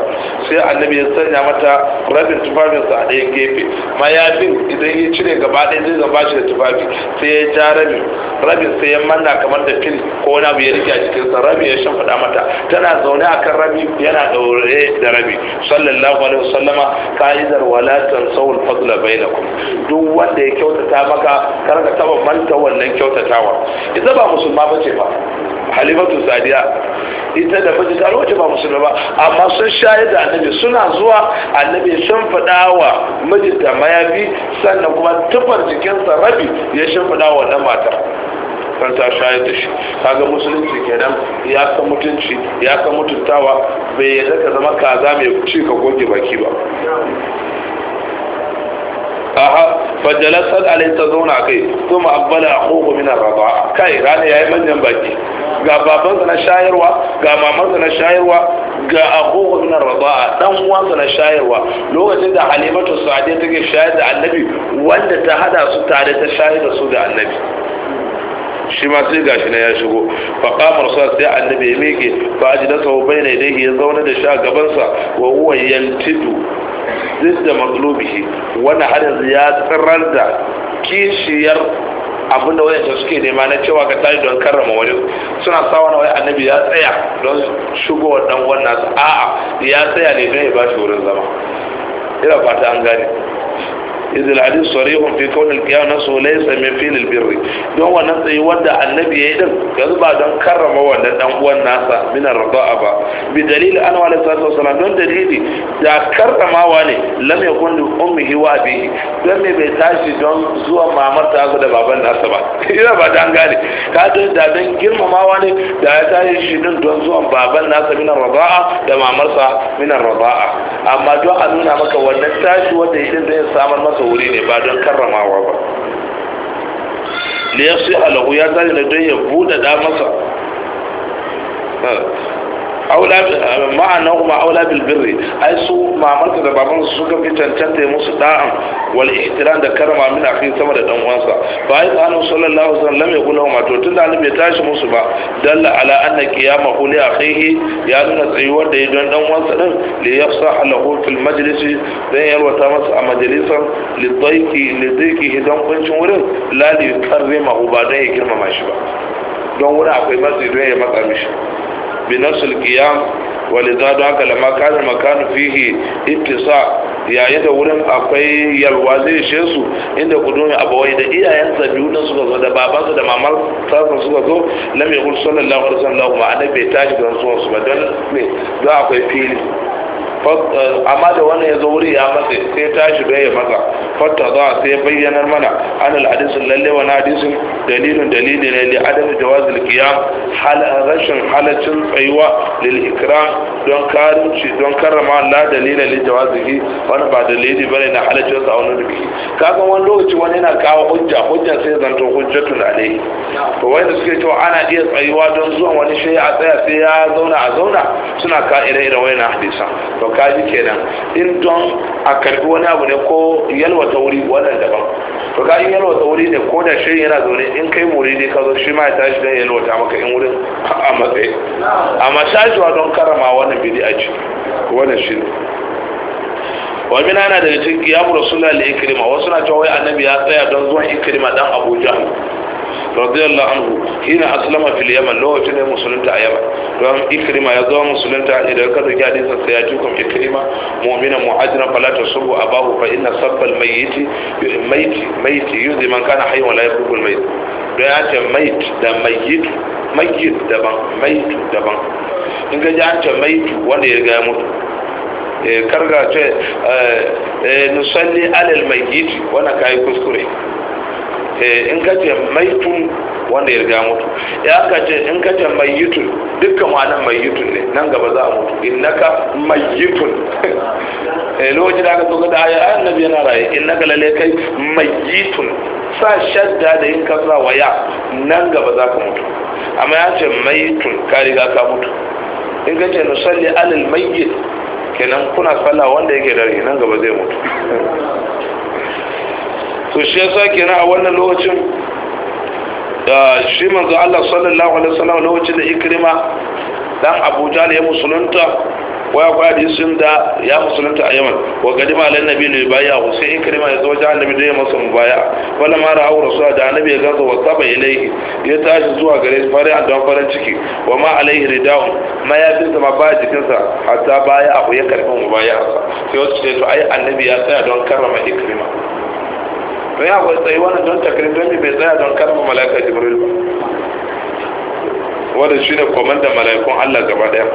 sai annabi ya sanya mata rabin tufafinsa a ɗaya gefe mayafin idan ya cire gaba ɗaya zai zama shi da tufafi sai ya ja rabi rabin sai ya manna kamar da fil ko wani abu ya rike a jikinsa rabi ya shimfiɗa mata tana zaune a kan rabi yana ɗaure da rabi sallallahu alaihi wasallama ka'idar wala tansawul fadla bainakum duk wanda ya kyautata maka kar ka taba manta wannan kyautatawa idan ba musulma ce ba halimatu sadiya ita da mace ta ba musulma ba amma sun shayar da annabi suna zuwa annabi sun fada wa mijinta mayafi sannan kuma tufar jikinsa rabi ya shimfiɗa wa wannan matar kan ta shayar da shi kaga musulunci kenan ya ka mutunci ya ka mutuntawa bai yadda ka zama kaza mai ci ka goge baki ba aha fajalasar alai ta zauna kai kuma abbala a koko minar raba kai rana ya yi manyan baki ga babansa na shayarwa ga maman na shayarwa ga min minar a dan uwansa na shayarwa lokacin da halimatu ta take shayar da annabi wanda ta hada su tare ta shayar da su da annabi shi ma sai gashi na ya shigo fa qama rasul sai annabi ya miƙe fa ajda sau bayna yadayhi ya zauna da shi a gaban sa wa huwa yantidu duk da matsalubihi wanda har yanzu ya tsirar da kishiyar abinda wadanda suke nema na cewa ka tashi don karrama wani suna sa wani annabi ya tsaya don shigowar dan wannan a'a ya tsaya ne don ya ba shi wurin zama ina fata an gane idh al-hadith sarihun fi kawn al-qiyam nasu laysa min fil birri don wannan tsayi wanda annabi yayi din yanzu ba don karrama wannan dan uwan nasa min ar ba bi dalil an wa sallallahu alaihi don dalili da karramawa ne lam yakun li ummihi wa don me bai tashi don zuwa mamar da baban nasa ba ina ba dan gane ka da dan girmamawa ne da ya tashi shi din don zuwa baban nasa min ar da mamarsa amma don a nuna maka wannan tashi wanda yake zai wuri ne ba don karramawa ba liyar sai alahu ya tsari na don ya buɗe masa aula ma'ana kuma aula bil birri ai su mamarka da baban su suka fi cancanta ya musu da'an wal ihtiram da karama min akhi sama da dan uwansa fa ai sanu sallallahu alaihi wasallam ya kula ma to tunda annabi ya tashi musu ba dalla ala anna qiyama hu li akhihi ya nuna tsayuwar da ya don dan uwansa din li yafsah lahu fil majlis dan yalwata masa a majalisan li dayki li dayki hidan kuncin wurin la li karrima ba dan ya girmama shi ba don wurin akwai matsi don ya matsa mishi بنفس القيام ولذا haka lama kanar makanu fihi ittisa yayin da wurin akwai yalwa zai ishe su inda kudumi abawai da iyayen biyu na suka zo da babansu da mamar sarfa suka zo mai lam yaqul sallallahu alaihi wasallam ma'ana bai tashi don zuwan su ba don ne don akwai fili amma da wannan ya zo wuri ya matse sai tashi bai ya maza, fatta za sai bayyanar mana alal al'adisun lalle wani hadisin dalilin dalili ne da adam jawaz alqiyam hal rashin halacin tsayuwa lil ikram don karimci don karrama la dalila lil jawazihi wannan ba dalili bane na halacin sa wani biki kaga wani lokaci wani yana kawo hujja hujja sai zanto hujjatul alayhi to wanda suke cewa ana iya tsayuwa don zuwa wani shi a tsaya sai ya zauna a zauna suna ka ire-iren wayannan hadisan to kaji kenan in don a karbi wani abu ne ko yalwa ta wuri wannan daban to kaji an yalwata wuri ne ko da shi yana zaune in kai ne ka zo shi ma ya tashi don ta maka in wurin a matsayi amma wa don karama wannan bidi'a ce wannan shi ne wa min ana daga cikin ya rasulullah li ikrima wasu na cewa wai annabi ya tsaya don zuwa ikirima dan abuja radiyallahu anhu hina aslama fil yaman lokacin da musulunta a yaman don ikrima ya zama musulunta idan ka dauki hadisin sai ya ji kuma ikrima mu'mina mu'ajira fala tasubbu abahu fa inna sabbal mayyiti mayyiti mayyiti man kana hayyan la mayyit ya ce mayyit da mayyit mayyit daban mayyit daban in ji ce mayyit wanda ya mutu eh, karga ce eh, eh, nusalli alal mayyit wannan kai kuskure Eh, in ka ce maitun wanda ya riga mutu ya ka ce in ka ce mayyitun dukkan wannan tun ne nan gaba za a mutu innaka mayyitun eh lokacin da aka soka da ayi annabi yana raye innaka lalle kai tun, sa shadda da in ka sa waya nan gaba za ka mutu amma ya ce tun ka riga ka mutu in ka ce nusalli alal mayyit kenan kuna sallah wanda yake dare nan gaba zai mutu to shi yasa kenan a wannan lokacin da shi manzo Allah sallallahu alaihi wasallam lokacin da ikrima dan abuja ne ya musulunta waya kwa sun da ya musulunta a yaman wa gadima alan nabi ne baya ku sai ikrima ya zo wajen annabi da ya masa mubaya wala ma ra'u rasula da annabi ya gaza wa saba ilaihi ya tashi zuwa gare shi fare an don farin ciki wa ma alaihi ridaun ma ya fita ma ba jikinsa hatta baya abu ya karbi mubaya sai wasu ce to ai annabi ya tsaya don karrama ikrima to ya kwai tsayi wannan don takardun mai tsaya don karfa malaka jibril ba wannan shine komandan mala'ikun Allah gaba daya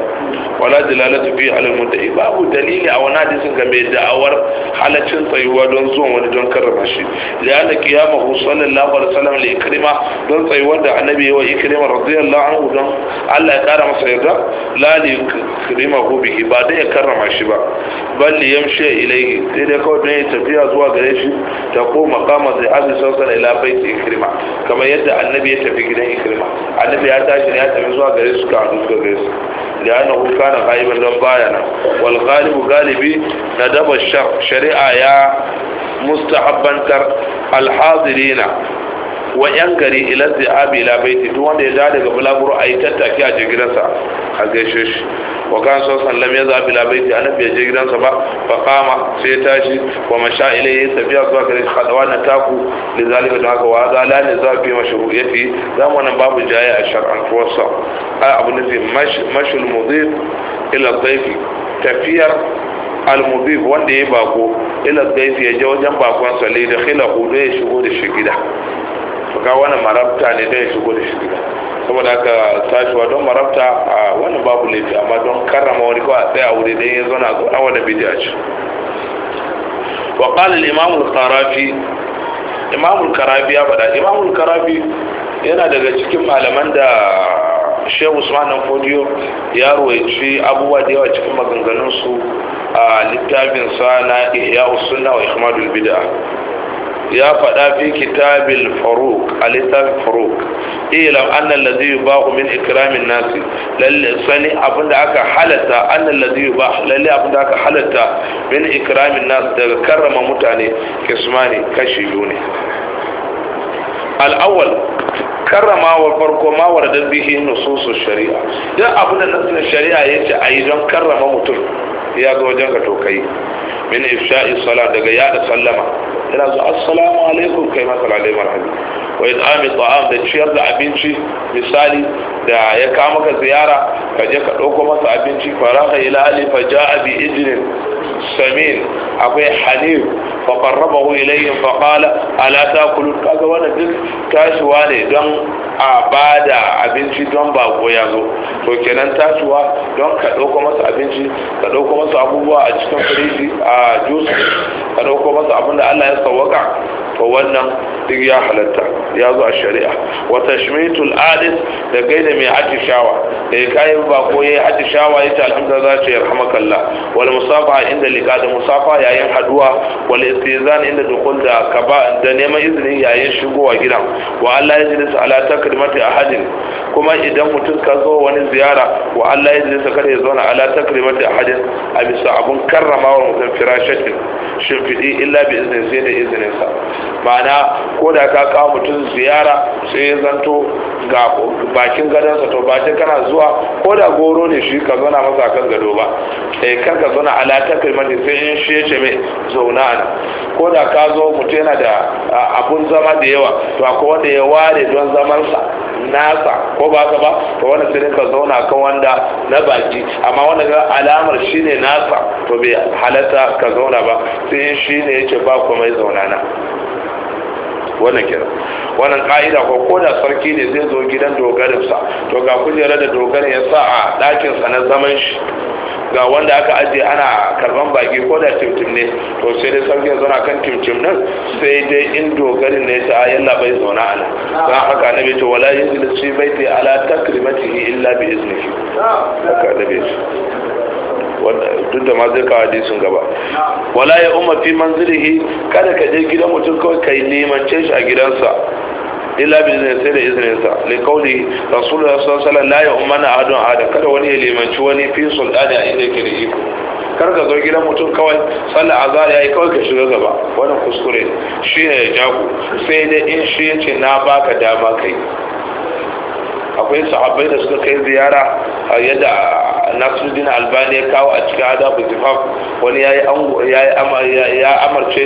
wala dalalatu bi alal mudda'i babu dalili a wani hadisin game da awar halacin tsayuwa don zuwa wani don karrama shi la'anna qiyamahu sallallahu alaihi wasallam li ikrima don tsayuwar da annabi wa ikrima radiyallahu anhu don Allah ya kara masa yarda la li ikrima hu bihi ba da ya karrama shi ba bal li yamshi ilayhi sai dai kawai don ya tafiya zuwa gare shi ta ko maqama zai azza sallallahu ila baiti ikrima kamar yadda annabi ya tafi gidan ikrima annabi ya tashi ne ya لأنه كان غائبا لبايانا والغالب غالبي ندب الشرع شريعة مستحبا كر الحاضرين wa yan gari ila zihabi ila baiti duk wanda ya da daga bulaguro a yi tattaki a je gidansa a gaishe shi wa kan so sallam ya zabi ila baiti annabi bi je gidansa ba fa kama sai ya tashi wa masha ilayhi tafiya zuwa gare khadawa na taku zalika da haka wa za la ne zabi mashru'iyati zamu wannan babu jaya a shar'an tuwassa a abu mashi mashul mudhif ila dhaifi tafiyar almubif wanda ya bako ila gaifi ya je wajen bakon sa da khilahu hudu ya shigo da shi gida ga wani marabta ne dai ya shigo da shi gida saboda haka tashiwa don marabta a wani babu laifi amma don karrama wani kawai a a wuri don ya zauna a awa da bidiya ci wa qala imamul karafi al karafi ya faɗa imamul karafi yana daga cikin malaman da shehu usman dan fodiyo ya ruwaici abubuwa da yawa cikin maganganunsu, a littafin sa na ihya sunna wa ihmadul bid'a ya faɗa fi kitabil faruk a littafin faruk ilam annan lazi ba min ikramin nasi lalle sani abinda aka halatta annan lazi ba lalle abinda aka halatta min ikramin nasi daga karrama mutane kismani kashi biyu ne al'awwal karramawa farko ma wardar bihi nususun shari'a duk abinda nasin shari'a ya ce a yi don karrama mutum sai ya zo wajen ka to kai min ifsha'i salat daga yada sallama ina zo assalamu alaikum kai ma salalai marhabi wa idami ta'am da ciyar da abinci misali da ya kama ka ziyara ka je ka dauko masa abinci faraha ila ali fa ja'a bi ijlin samin akwai hanif fa qarrabahu ilayhim fa qala ala ta'kulun kaga wannan duk tashiwa ne don a ba da abinci don ba ya zo to kenan tatuwa don ka ɗauko masa abinci ka ɗauko masa abubuwa a cikin firiji a juice ka ɗauko masa abin da allah ya sawaka to wannan duk ya halatta ya zo a shari'a wa tashmitul adis da gaida mai atishawa da ya kai ba ko ya yi atishawa ya ta alhamdulillah za ta yarhamakallah wani musafa inda liqa da musafa yayin haduwa wani istizan inda dukul da kaba da neman izinin yayin shigowa gidan wa Allah ya jilisa ala takrimati ahadin kuma idan mutum ka zo wani ziyara wa Allah ya jilisa kada ya zauna ala takrimati ahadin a bisa abun karramawa mutum firashatin shimfiɗi illa bi izinin sai da izininsa ma'ana ko da ka kawo mutum mutum ziyara sai ya zanto ga bakin gadonsa to bakin kana zuwa ko da goro ne shi ka zauna masa kan gado ba sai eh, kar ka zauna ala takrimati sai in shi ya ce mai zauna ana ko da ka zo mutu yana da abun zama da yawa to akwai wanda ya ware don zamansa nasa ko ba ka ba to wanda sai ka zauna kan wanda na baki amma wanda ga alamar shine nasa to bai halatta ka zauna ba sai shi ne yake ba komai zauna na wannan kenan wannan ka'ida ko ko da sarki ne zai zo gidan dogarinsa to ga kujera da dogarin ya sa a ɗakinsa na zaman shi ga wanda aka ajiye ana karban baki ko da timtim ne to sai dai sarki ya zauna kan timtim nan sai dai in dogarin ne ta yalla bai zauna a nan a haka na to wala yin zilisi bai ta ala takrimatihi illa bi iznihi haka da duk da ma zai kawo hadisin gaba wala ya umma fi manzilihi kada ka je gidan mutum kawai kai nemance shi a gidansa illa bi zai sai da izinin sa li qawli rasulullah sallallahu alaihi wasallam la ya na adu ahadan kada wani ya limanci wani fi sultani a inda yake da iko kar ka zo gidan mutum kawai sallar azhar yayi kawai ka shiga gaba wannan kuskure shi ne jago sai dai in shi yace ce na baka dama kai akwai sahabbai da suka kai ziyara a yadda nasiruddin albani ya kawo a cikin adabu zifaf wani ya amarce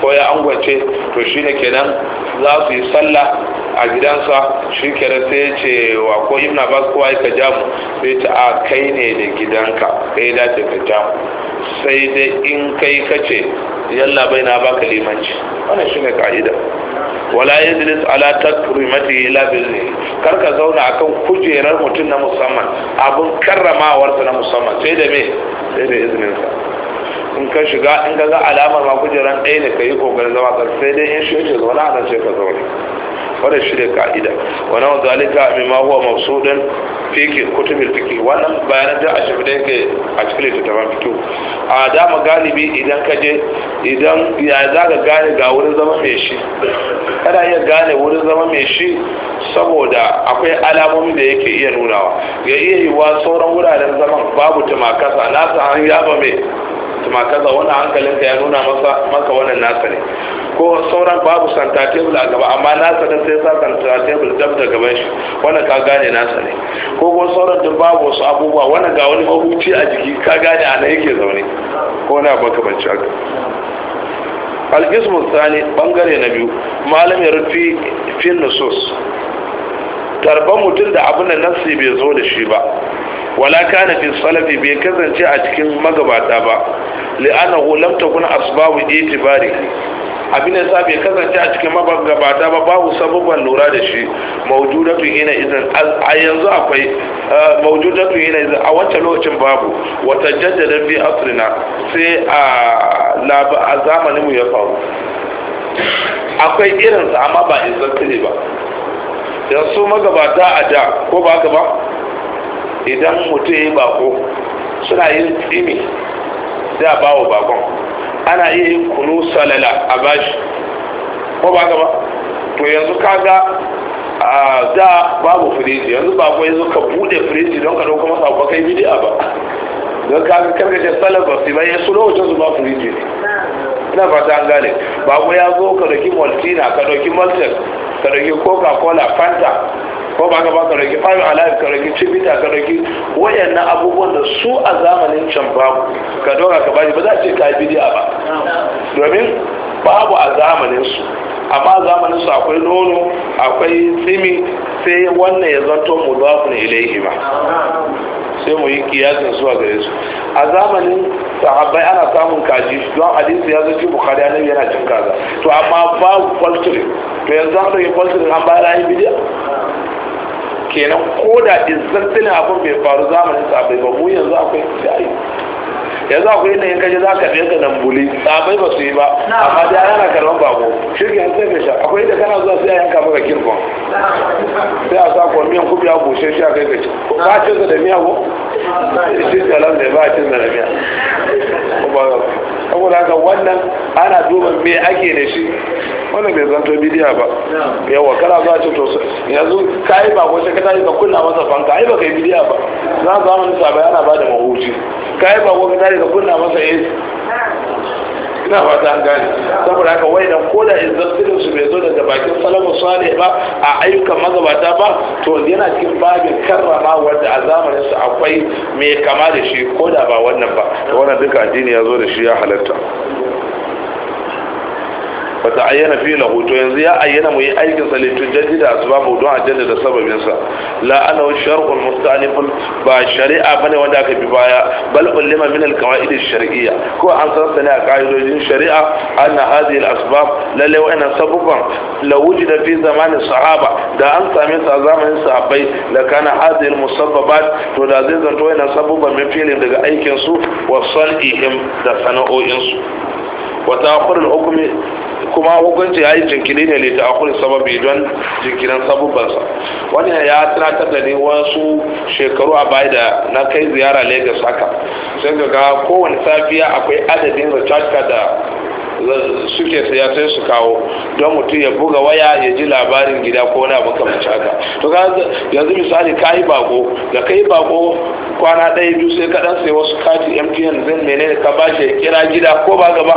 ko ya angwace to shi ne kenan za su yi sallah a gidansa shi kere sai ce wa ko ibn abbas kowa ya ka jamu sai ta a kai ne da gidanka kai da dace ka jamu sai dai in kai kace yalla bai na baka limanci wannan shi ne ka'ida wala yajlis ala takrimati ila bizni kar ka zauna akan kujerar mutum na musamman abin karramawarsa na musamman sai da me sai da izininsa sa in ka shiga in ga alamar ma kujerar ɗaya ne ka yi kokarin zama sai dai in shi yake zaune a nan sai ka zaune wanda shi da ka'ida wani alika zalika mimma huwa mafsudan fiki kutubin fiki wannan bayanan da a shafi da yake a cikin littattafan fito a dama galibi idan ka je idan ya za ka gane ga wurin zama mai shi kada iya gane wurin zama mai shi saboda akwai alamomi da yake iya nunawa ya iya yiwuwa sauran wuraren zaman babu tumakasa sa an yaba mai tuma kaza wannan hankalinka ya nuna maka wannan nasa ne ko sauran babu santa table a gaba amma nasa ne sai sa santa table dab da gaban shi wannan ka gane nasa ne ko ko sauran duk babu wasu abubuwa wannan ga wani mahuci a jiki ka gane a yake zaune ko na baka bance haka alƙismu tsani ɓangare na biyu malam ya rufi fin nusus tarban mutum da abin da nassi bai zo da shi ba wala kana fi salafi bai kasance a cikin magabata ba li'annahu lam takuna asbabu itibari abin da bai kasance a cikin magabata ba babu sababban lura da shi mawjudatu ina idan a yanzu akwai mawjudatu ina idan a wancan lokacin babu wata jaddada bi asrina sai a zamanin mu ya faru akwai irinsa amma ba izantire ba yanzu magabata a da ko ba ka ba idan mutum ya yi bako suna yin tsimi da ba wa bakon ana iya yin kunu salala a bashi ko ba gaba to yanzu kaga da babu firiji yanzu bako yanzu ka bude firiji don ka dauka masa abu kai bidiya ba don kaga karkace salaba sai bayan su lokacin su ba firiji ne ina fata an gane bako ya zo ka doki maltina ka doki maltin ka doki coca cola fanta ko ba ka ba ka rage fara alayi ka rage cibita ka rage wayannan abubuwan da su a zamanin can babu ka dora ka bashi ba za a ce ka yi bidiya ba domin babu a zamanin su amma a zamanin su akwai nono akwai tsimi sai wannan ya zanto mu ku ilaihi ba sai mu yi kiyasin zuwa gare su a zamanin sahabbai ana samun kaji don hadisi ya zaci bukari annabi yana cin kaza to amma babu poultry to yanzu an rage poultry an ba an bidiya kenan ko da izzattin abin bai faru zamanin sabai ba mu yanzu akwai sai yanzu akwai ne kaje za ka ɗaya nan buli sabai ba su yi ba amma da yana karban babu shirkin sai ka sha akwai da kana zuwa sai a yanka maka kirkon sai a sa ko miyan kubiya bushe shi a kai ka ci ba cin da miya ko cin da lamda ba cin da miya saboda haka wannan ana duba me ake da shi wannan bai zanto bidiya ba yawa kana za ce to yanzu ka yi ba kwace ka tashi ka kunna masa fanka ai ba kai bidiya ba za ka zama nisa ba yana ba da mahuci ka yi ba kwace ka tashi ka kunna masa yi ina fata an gane saboda haka wai dan koda izzastirin su bai zo daga bakin salamu sale ba a ayyukan magabata ba to yana cikin babin karrama wanda a zamanin su akwai mai kama da shi koda ba wannan ba wannan duka addini ya zo da shi ya halatta bata ayyana fi lahu to yanzu ya ayyana mu yi aikin sa litu jaddida asbabu don a jaddada sababin sa la ana shar'ul mustanif ba shari'a bane wanda aka bi baya bal ulima min al qawaid al shar'iyya ko an san sa ne a kaidojin shari'a anna hadhihi al asbab lalle wa'ana sabuban la wujida fi zamanin sahaba da an same sa zamanin sahabbai la kana hadhihi al musabbabat to da zai zanto wa'ana sabuban mafilin daga aikin su wa sal'ihim da sana'o'in su wa ta'khurul hukmi kuma hukunci yayi jinkiri ne li ta'khurul sababi don jinkirin sabubban sa wannan ya tunatar da ni wasu shekaru a baya da na kai ziyara Lagos haka sai ga kowane safiya akwai adadin recharge da suke saya sai su kawo don mutum ya buga waya ya ji labarin gida ko na baka mace haka to yanzu misali ka yi bako da ka yi bako kwana ɗaya biyu sai kaɗan sai wasu kati mtn zan menene ka ba shi ya kira gida ko ba gaba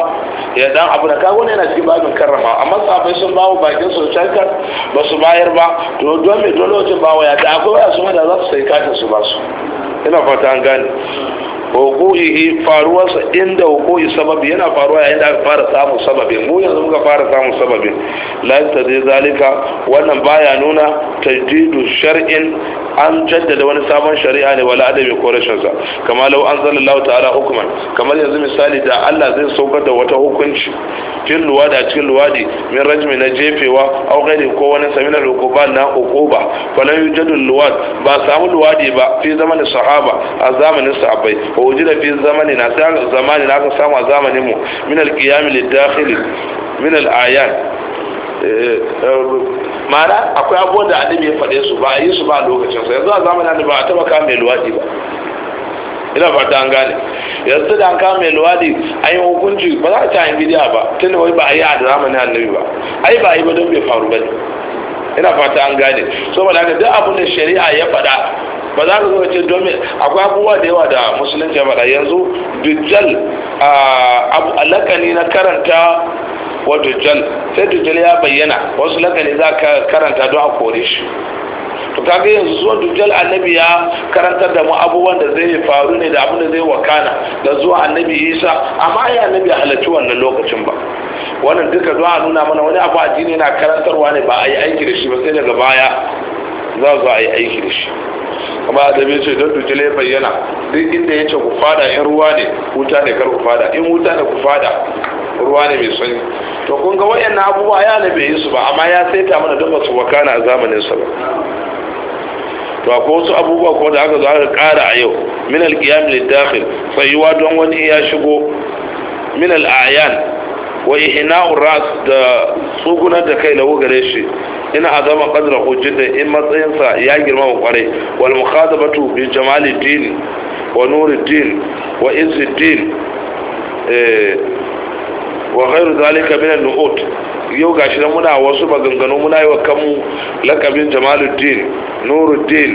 ya dan abu da kago ne yana cikin babin karrama amma safai sun bawo bakin su cankar ba su bayar ba to don me dole wajen bawa ya da akwai waya su da za su sai katin su ba su ina fata an gane hukuhihi faruwarsa inda hukuhi sababi yana faruwa yayin da aka fara samun sababin mu yanzu muka fara samun sababin la yastadi zalika wannan baya nuna tajdidu shar'in an jaddada wani sabon shari'a ne wala adabi ko rashin sa kamar law Allah ta'ala hukuman kamar yanzu misali da Allah zai saukar da wata hukunci fil luwada cikin luwadi min rajmi na jefewa au ghairi ko wani samina hukuba na hukuba falan yujadu luwad ba samu luwadi ba fi zamanin sahaba a zamanin sahabbai wujida fi zamani na sai zamani na aka samu a zamanin mu min al-qiyam lid min al-ayat ma'ana akwai abubuwan da annabi ya faɗe su ba a yi su ba a lokacin sa yanzu a zamanin annabi ba a taba kama mai luwaɗi ba ina fata an gane yanzu da an kama mai luwaɗi an yi hukunci ba za a ci an bidiya ba tunda wai ba a yi a zamanin annabi ba ai ba a yi ba don bai faru ba ne ina fata an gane da haka duk abin da shari'a ya faɗa ba za ka zo ce domin akwai abubuwa da yawa da musulunci ya faɗa yanzu dujjal a lakani na karanta wa dujjal sai dujjal ya bayyana wasu lakani za ka karanta don a kore shi to kaga yanzu zuwan dujjal annabi ya karantar da mu abubuwan da zai faru ne da abin da zai wakana da zuwa annabi isa amma ya annabi ya halarci wannan lokacin ba wannan duka zuwa a nuna mana wani abu addini yana karantarwa ne ba a yi aiki da shi ba sai daga baya za zo a yi aiki da shi kuma bai ce don dujjal ya bayyana duk inda ya ce ku fada in ruwa ne wuta ne kar ku fada in wuta ne ku fada ruwa ne mai sanyi to kun ga wayannan abubuwa ya ne bai yi su ba amma ya saita mana duk wasu wakana a zamanin sa ba to ko wasu abubuwa ko da aka zo aka ƙara a yau min alƙiyam littafin tsayuwa don wani ya shigo min al'ayan wa ihna'ur ras da tsugunar da kai lawo gare shi ina azama qadra hujjata in matsayinsa ya girma mu kware wal mukhadabatu bi jamali din wa nuri din wa izzi din eh, wa ghairu zalika min an-nuhut yau gashi nan muna wasu maganganu muna yi wa kanmu lakabin jamaluddin nuruddin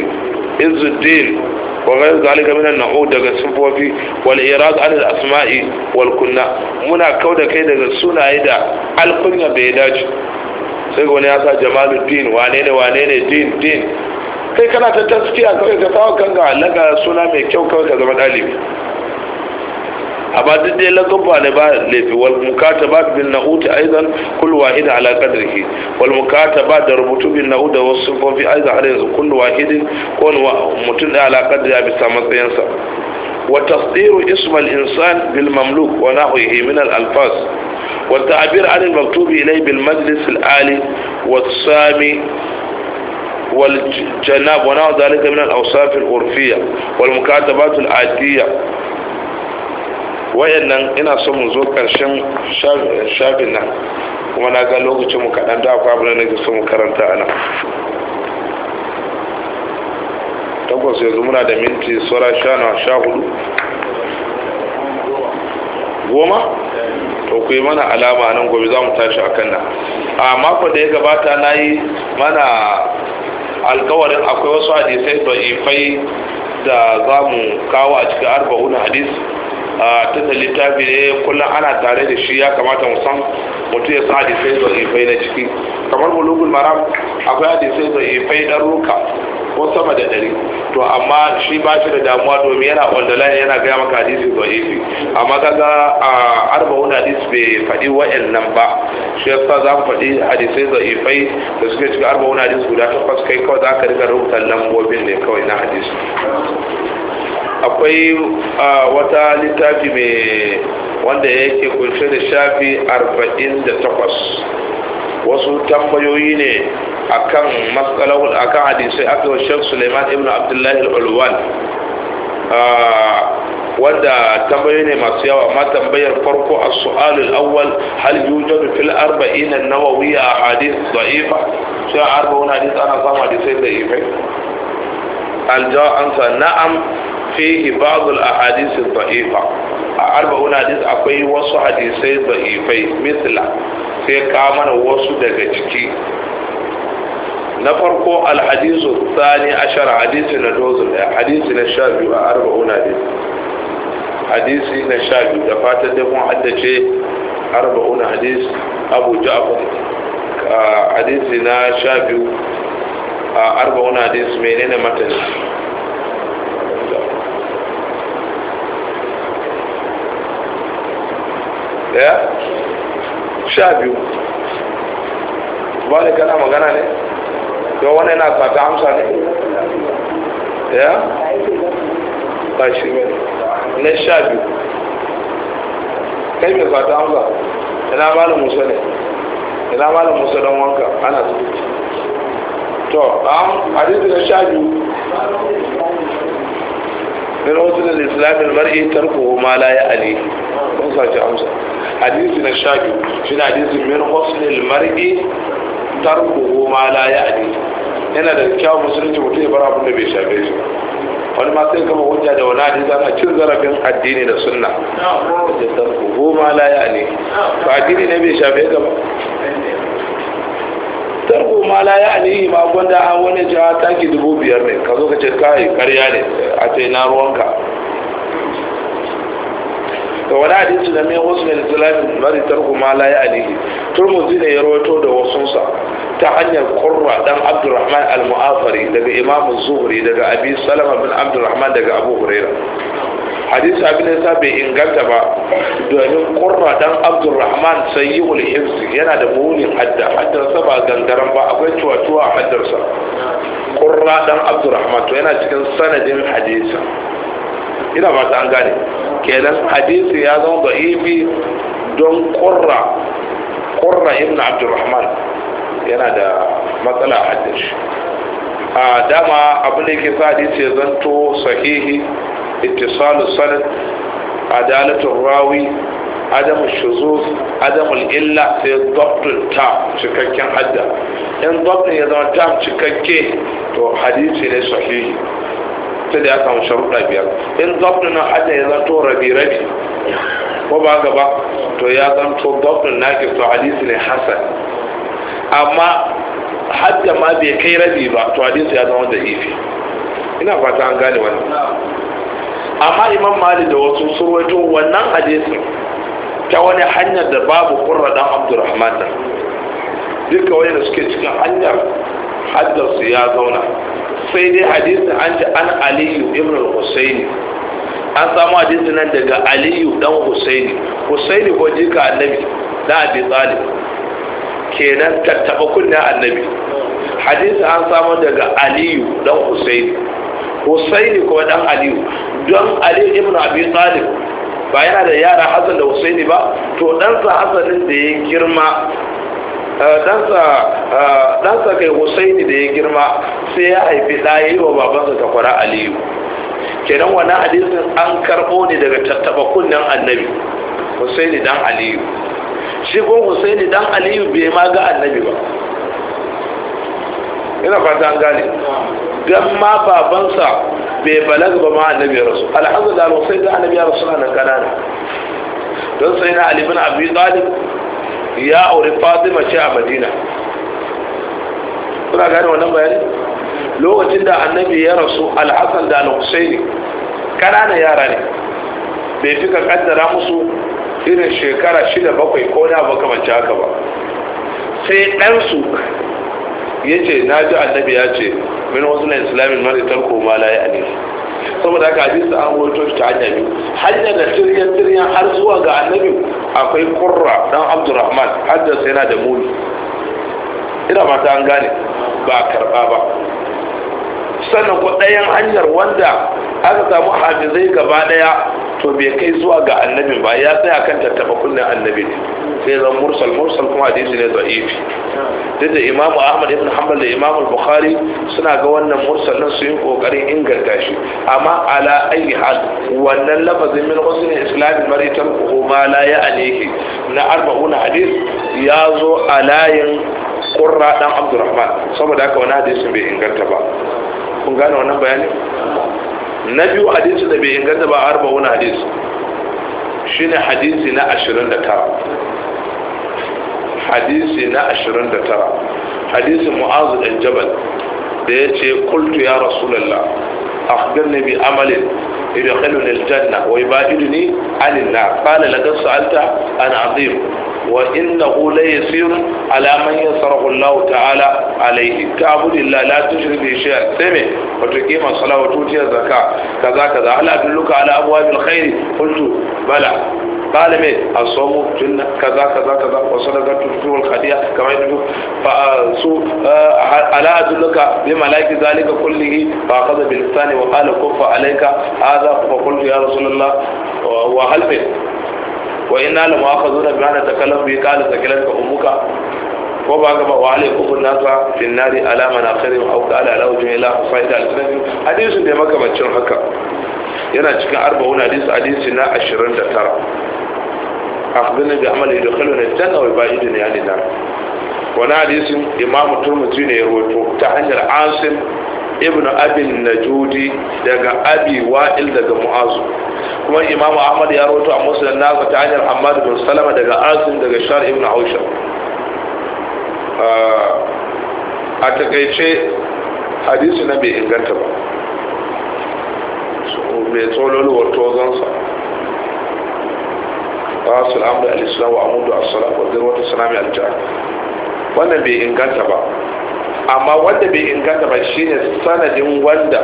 izzuddin wa ghairu zalika min an-nuhut daga sifofi wal irad an al-asma'i wal kunna muna kauda kai daga sunaye da alkunya bai dace sai wani ya sa jamaluddin wane ne wane ne din din kai kana ta taskiya kawai ka kawo kanka allaka suna mai kyau kawai ka zama dalibi amma duk dai lakabba ne ba laifi wal mukatabat bil na'ut aidan kull wahid ala qadrihi wal mukatabat da rubutu bil na'ut da wasu sifofi aidan har yanzu kull wahid ko mutum da ala qadri ya bisa matsayinsa wa tasdiru isma al insan bil mamluk wa nahwihi min al alfaz wa ta'bir an al maktub ilay bil majlis al ali wa sami والجناب ونحو ذلك من الأوصاف العرفية والمكاتبات العادية wayannan ina so mu zo karshen shafin nan kuma na ga lokacin mu kaɗan da akwai abin da nake so mu karanta a nan takwas yanzu muna da minti tsora sha na sha hudu goma to ku yi mana alama nan gobe za mu tashi a kan nan a mako da ya gabata na yi mana alkawarin akwai wasu hadisai da ifai da za mu kawo a cikin arba'un hadis tunda littafi ne kullum ana tare da shi ya kamata mu san mutum ya san hadisai da ifai na ciki kamar bulugul maram akwai hadisai da ifai ruka ko sama da dari to amma shi ba shi da damuwa domin yana on the yana gaya maka hadisi da ifi amma kaga a arba'un hadis bai faɗi wa'annan ba shi yasa za mu faɗi hadisai da ifai da suke cikin arba'un hadis guda takwas kai kawai za ka riga rubuta lambobin ne kawai na hadisi akwai wata littafi mai wanda yake kunshe da shafi 48 wasu tambayoyi ne akan matsalahul akan hadisai aka wa shek suleiman ibn abdullahi al'ulwal wanda tambayoyi ne masu yawa amma tambayar farko a su'alul awwal hal yujadu fil arba'in an-nawawiyya ahadith da'ifa sai arba'un hadith ana samu hadisai da'ifai الجواب أنسى na'am. fihi ba'd al-ahadith ad-da'ifa a arba'un hadith akwai wasu hadisai da'ifai misla sai ka mana wasu daga ciki na farko al-hadithu thani ashar hadisi na dozu hadisi na sha biyu a arba'un hadith hadisi na sha da fatan da mun haddace arba'un hadith abu ja'far hadisi na sha biyu a arba'un hadith menene matashi? daya eh? sha biyu ba da kana magana ne don wani yana kwata amsa ne daya eh? ba shi ne na sha biyu kai mai kwata amsa ina malam musa ne ina malam musa don wanka ana zuci to a hadisi na sha biyu min husn al-islam al-mar'i tarkuhu ma la ya'li kun sace amsa hadisi na shafi shine hadisi min husn al-mar'i tarkuhu ma la ya'li yana da kyawun musulunci mutum bai shafe shi wani ma sai kama hujja da wani hadisi ana cin zarafin addini da sunna da tarkuhu ma la ne. ba addini ne bai shafe ka ba tarko ma la ya alihi ma gwanda an wani jiha taki dubu biyar ne ka zo ka ce kai karya ne a ce na ruwanka ga wani hadisi na mai husnul islam bari tarku ma la ya alihi turmuzi ne ya rawato da sa. ta hanyar qurra dan abdurrahman al-mu'afari daga imam zuhri daga abi salama bin abdurrahman daga abu huraira hadisi abin da bai inganta ba domin qurra dan abdurrahman sayyul hifz yana da muhunin hadda haddarsa ba gangaran ba akwai tuwatuwa a haddarsa qurra dan abdurrahman to yana cikin sanadin hadisi ina ba ta an gane kenan hadisi ya zama da'ifi don kurra kurra ibn abdurrahman yana da matsala a hadisi a dama abu da ke sa hadisi ya zanto sahihi ittisalu sanad adalatul rawi adamu shuzuz adamu illa sai dabtul ta cikakken hadda in dabtul ya zama ta cikakke to hadisi ne sahihi ta da ya samu sharuɗa biyar in zafin na hada ya zanto rabi rabi ko ba gaba to ya zanto zafin na ke to hadisi ne hasan amma hadda ma bai kai rabi ba to hadisi ya zama da ifi ina fata an gane wani amma imam mali da wasu surwaito wannan hadisi ta wani hanyar da babu kurra dan abdurrahman nan duka wani da suke cikin hanyar haddarsu ya zauna sai dai hadisin an ji an aliyu ibn husaini an samu hadisin nan daga aliyu dan husaini husaini ko jika annabi da abi talib kenan tattaba kunna annabi hadisi an samu daga aliyu dan husaini husaini ko dan aliyu don aliyu ibn abi talib ba yana da yara hassan da husaini ba to dan sa hassanin da ya girma ɗansa eh, eh, kai husaini da ya girma sai ya haifi ɗaya wa babansa takwara aliyu kenan wani hadisin an karɓo ne daga tattaba kunnen annabi husaini dan aliyu shi ko husaini dan aliyu bai ma ga annabi ba ina fata an gane Gamma ma babansa bai balaga ba ma annabi ya rasu alhazar da alhussein da annabi ya rasu a nan kanana don sai na alibin abu talib ya aure fatima ce a madina kuna gane wannan bayani lokacin da annabi ya rasu alhassan da alhussaini kanana yara ne bai fi ka kaddara musu irin shekara shida bakwai ko na makamanci haka ba sai ɗansu ya ce na ji annabi ya ce min wasu na islamin mara ita ma la ya ne saboda haka su an wato ta hanyar biyu hanyar da tiryan tiryan har zuwa ga annabi akwai kurra dan abdurrahman haddasa yana da muni ina mata an gane ba a karba ba sannan ko hanyar wanda aka samu hafizai gaba ɗaya to bai kai zuwa ga annabin ba ya tsaya kan tattaba kunnen annabi ne sai zan mursal mursal kuma hadisi ne da'ifi duk da imam ahmad ibn hanbal da imam bukhari suna ga wannan mursal nan su yi kokarin inganta shi amma ala ayi hal wannan lafazin min husn islam maritan tarku ma la ya'nihi na arba'una hadis ya zo a layin qurra dan abdurrahman saboda haka wani hadisin bai inganta ba kun gane wannan bayanin na biyu hadisi da bai inganta ba a harba wani hadisi shi ne hadisi na 29 hadisi na 29 hadisi mu'azu ɗan jabal da ya ce kultu ya rasulallah akhbirni bi amalin yudkhiluni aljanna wa yubadiluni anin nar qala laqad sa'alta an azim wa innahu la ala man yasrahu Allah ta'ala alayhi ta'budu illa la tushrik bi shay'in sami wa tuqima salata wa tuti zakat kaza kaza ala biluka ala abwabil khair qultu bala balame a somu tunna kaza kaza kaza wa sadaka tutu wal qadiya kama yadu fa su ala adullaka bi malaiki zalika kullihi fa qada bil lisani wa qala kuffa alayka hadha fa qultu ya rasulullah wa halbi wa inna la mu'akhadhuna bi ma natakallamu bi qala sakilaka ummuka ko ba gaba wa alai kufur nasa nari alama na kare au kala ala wajin ila fa'ida al-sunan hadisin da makamancin haka yana cikin arba'un hadisi hadisi na 29 akhbirni bi amali yadkhuluna al-janna wa yubaiduna ya nar wani hadisin imamu turmuzi ne ya rawaito ta hanyar asim ibn abin najudi daga abi wa'il daga mu'azu kuma imamu ahmad ya rawaito a musulun nasa ta hanyar hamad bin salama daga asim daga shar ibn aushar Ah, a takaice hadisi na bai inganta ba mai tsololuwar tozonsa ba su al'amdu al'islam wa amudu asala wa zai wata tsunami aljar wannan bai inganta ba amma wanda bai inganta ba shine sanadin wanda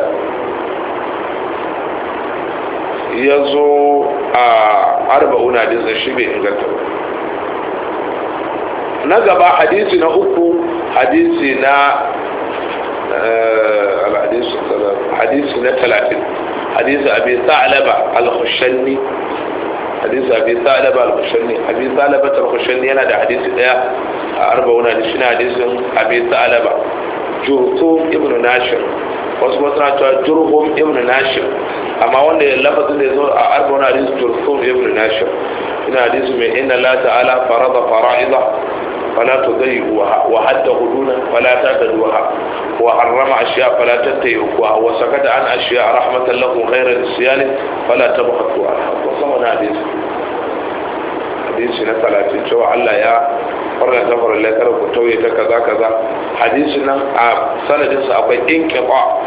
ya zo a arba'una dinsa shi bai inganta ba na gaba hadisi na uku hadisi na hadisi na talatin hadisi abi sa'alaba al-khushanni hadisi abi sa'alaba al-khushanni abi sa'alaba al-khushanni yana da hadisi daya a arba'una da shi na hadisin abi sa'alaba jurtum ibn nashir wasu kuma suna cewa jurhum ibn nashir amma wanda ya lafazin da ya zo a arba arba'una hadisi jurtum ibn nashir ina hadisi mai inna la ta'ala farada fara'iza فلا تضيقها وحتى غلونا فلا تعتدوها وحرم أشياء فلا تتيقها وسكت عن أشياء رحمة لكم غير نسيان فلا تبخطوا عنها وصمنا حديث حديث سنة ثلاثين شوى على يا قرن زفر الله كرب توي كذا كذا حديث سنة آه، سنة جنس أبي إنكبا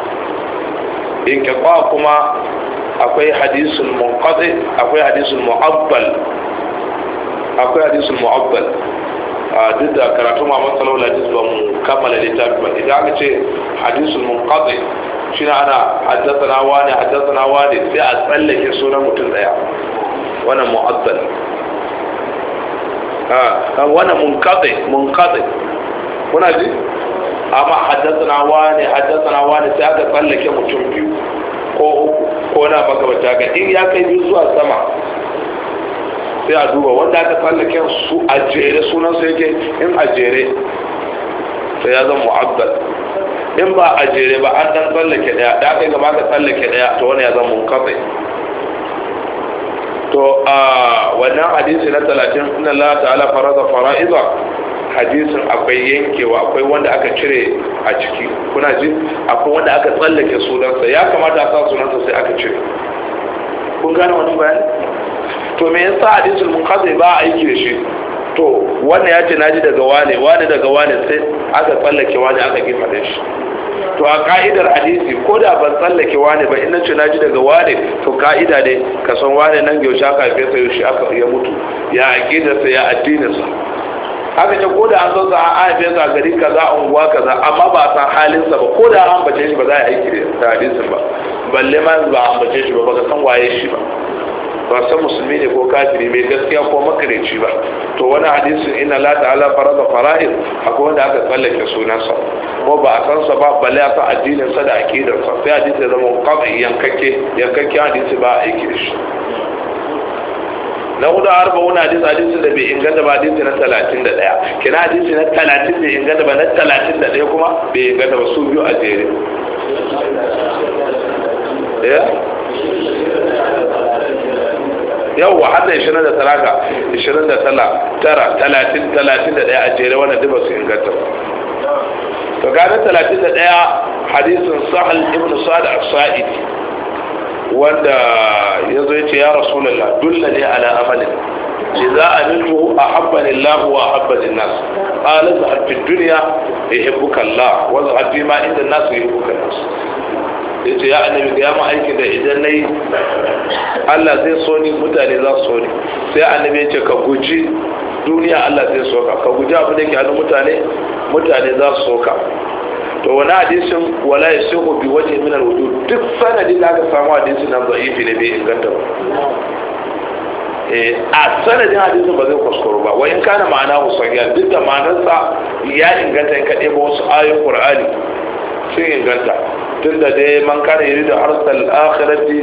إنكبا كما أبي حديث المنقضي أبي حديث المعبل أبي حديث المعبل a duk da karatu Muhammad sallallahu alaihi wasallam ba mu kammala littafi ba idan aka ce hadisul munqati shine ana haddathana wani haddathana wani sai a tsallake sunan mutum daya wannan mu'azzal ah wannan munqati munqati kuna ji amma haddathana wani haddathana wani sai aka tsallake mutum biyu ko uku ko na baka magabata ga in ya kai biyu zuwa sama sai a duba wanda aka tsallake su a jere sunan su yake in a jere sai ya zama mu'abbal in ba a jere ba an dan tsallake daya da aka yi gaba ka tsallake daya to wani ya zama munkafai to a wannan hadisi na talatin inna Allah ta'ala faraza fara'iza hadisin akwai yankewa akwai wanda aka cire a ciki kuna ji akwai wanda aka tsallake sunansa ya kamata a sa sunansa sai aka cire kun gane wani bayani to me yasa hadisul munqati ba aiki da shi to wannan ya ce naji daga wane wane daga wane sai aka tsallake wane aka gifa da shi to a ka'idar hadisi ko da ban tsallake wane ba in nace naji daga wane to ka'ida ne ka san wane nan yaushe aka haife sa yaushe aka ya mutu ya aqidarsa ya sa haka ce ko da an san sa a haife sa gari kaza unguwa kaza amma ba san halinsa ba ko da an bace shi ba za a yi aiki da hadisin ba balle ma ba an bace shi ba ba ka san waye shi ba ba san musulmi ne ko kafiri mai gaskiya ko makareci ba to wani hadisin ina la ta'ala farada fara'id akwai wanda aka tsallake sunansa ko ba a san sa ba balle a san addinin sa da akidar sa sai hadisi ya zama qadi yankakke yankakke hadisi ba a aiki da shi na hudu a arba wani hadis hadisi da bai inganta ba hadisi na talatin da daya. kina hadisi na talatin bai inganta ba na talatin da daya kuma bai inganta ba su biyu a jere eh? yawwa har da 20 da talaka 20 da tala tara 30 31 a jere wannan duba su inganta to gane 31 hadisin sahal ibn sa'd as-sa'idi wanda yazo yace ya rasulullah dullani ala amalin idza amiltu ahabbani a wa ahabbani nas qala zahab fi dunya yuhibbuka Allah wa zahab fi ma inda nas yuhibbuka nas ya ce ya annabi ga yamma aiki da idan na yi allah zai so ni mutane za su so ni sai annabi ya ce ka guji duniya allah zai so ka ka guji abin da ke hannun mutane mutane za su so ka to wani hadisin wala ya shehu bi waje min alwudu duk sanadi da aka samu hadisin nan da'ifi ne bai inganta ba eh, a sanadin hadisin ba zai kuskuru ba wai in kana ma'ana musahiya duk da ma'anarsa ya inganta in kaɗai ba wasu ayoyin qur'ani sun inganta tunda dai man kana yuridu arsal akhirati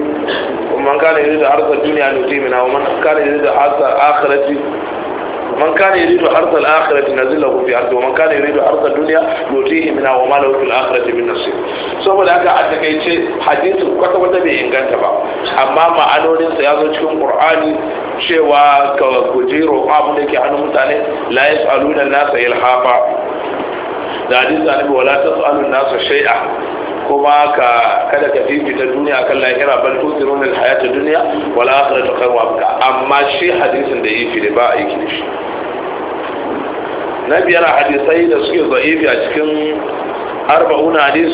man kana yuridu arsal dunya nuti mina man kana yuridu arsal akhirati man kana yuridu arsal akhirati nazilahu fi ardi wa man kana yuridu mina wa fil akhirati min saboda haka a takaice hadisin kwata kwata bai inganta ba amma ma'anonin ya zo cikin qur'ani cewa ka guji roƙa abin da ke hannun mutane la yas'aluna nasa ilhafa da hadisi annabi wala tas'alun nasa kuma ka kada ka fifita duniya kan lahira bal tusirun al hayata dunya wal akhiratu khairu abka amma shi hadisin da yi fili ba aiki da shi na biyar hadisai da suke za'ifi a cikin arba'una hadis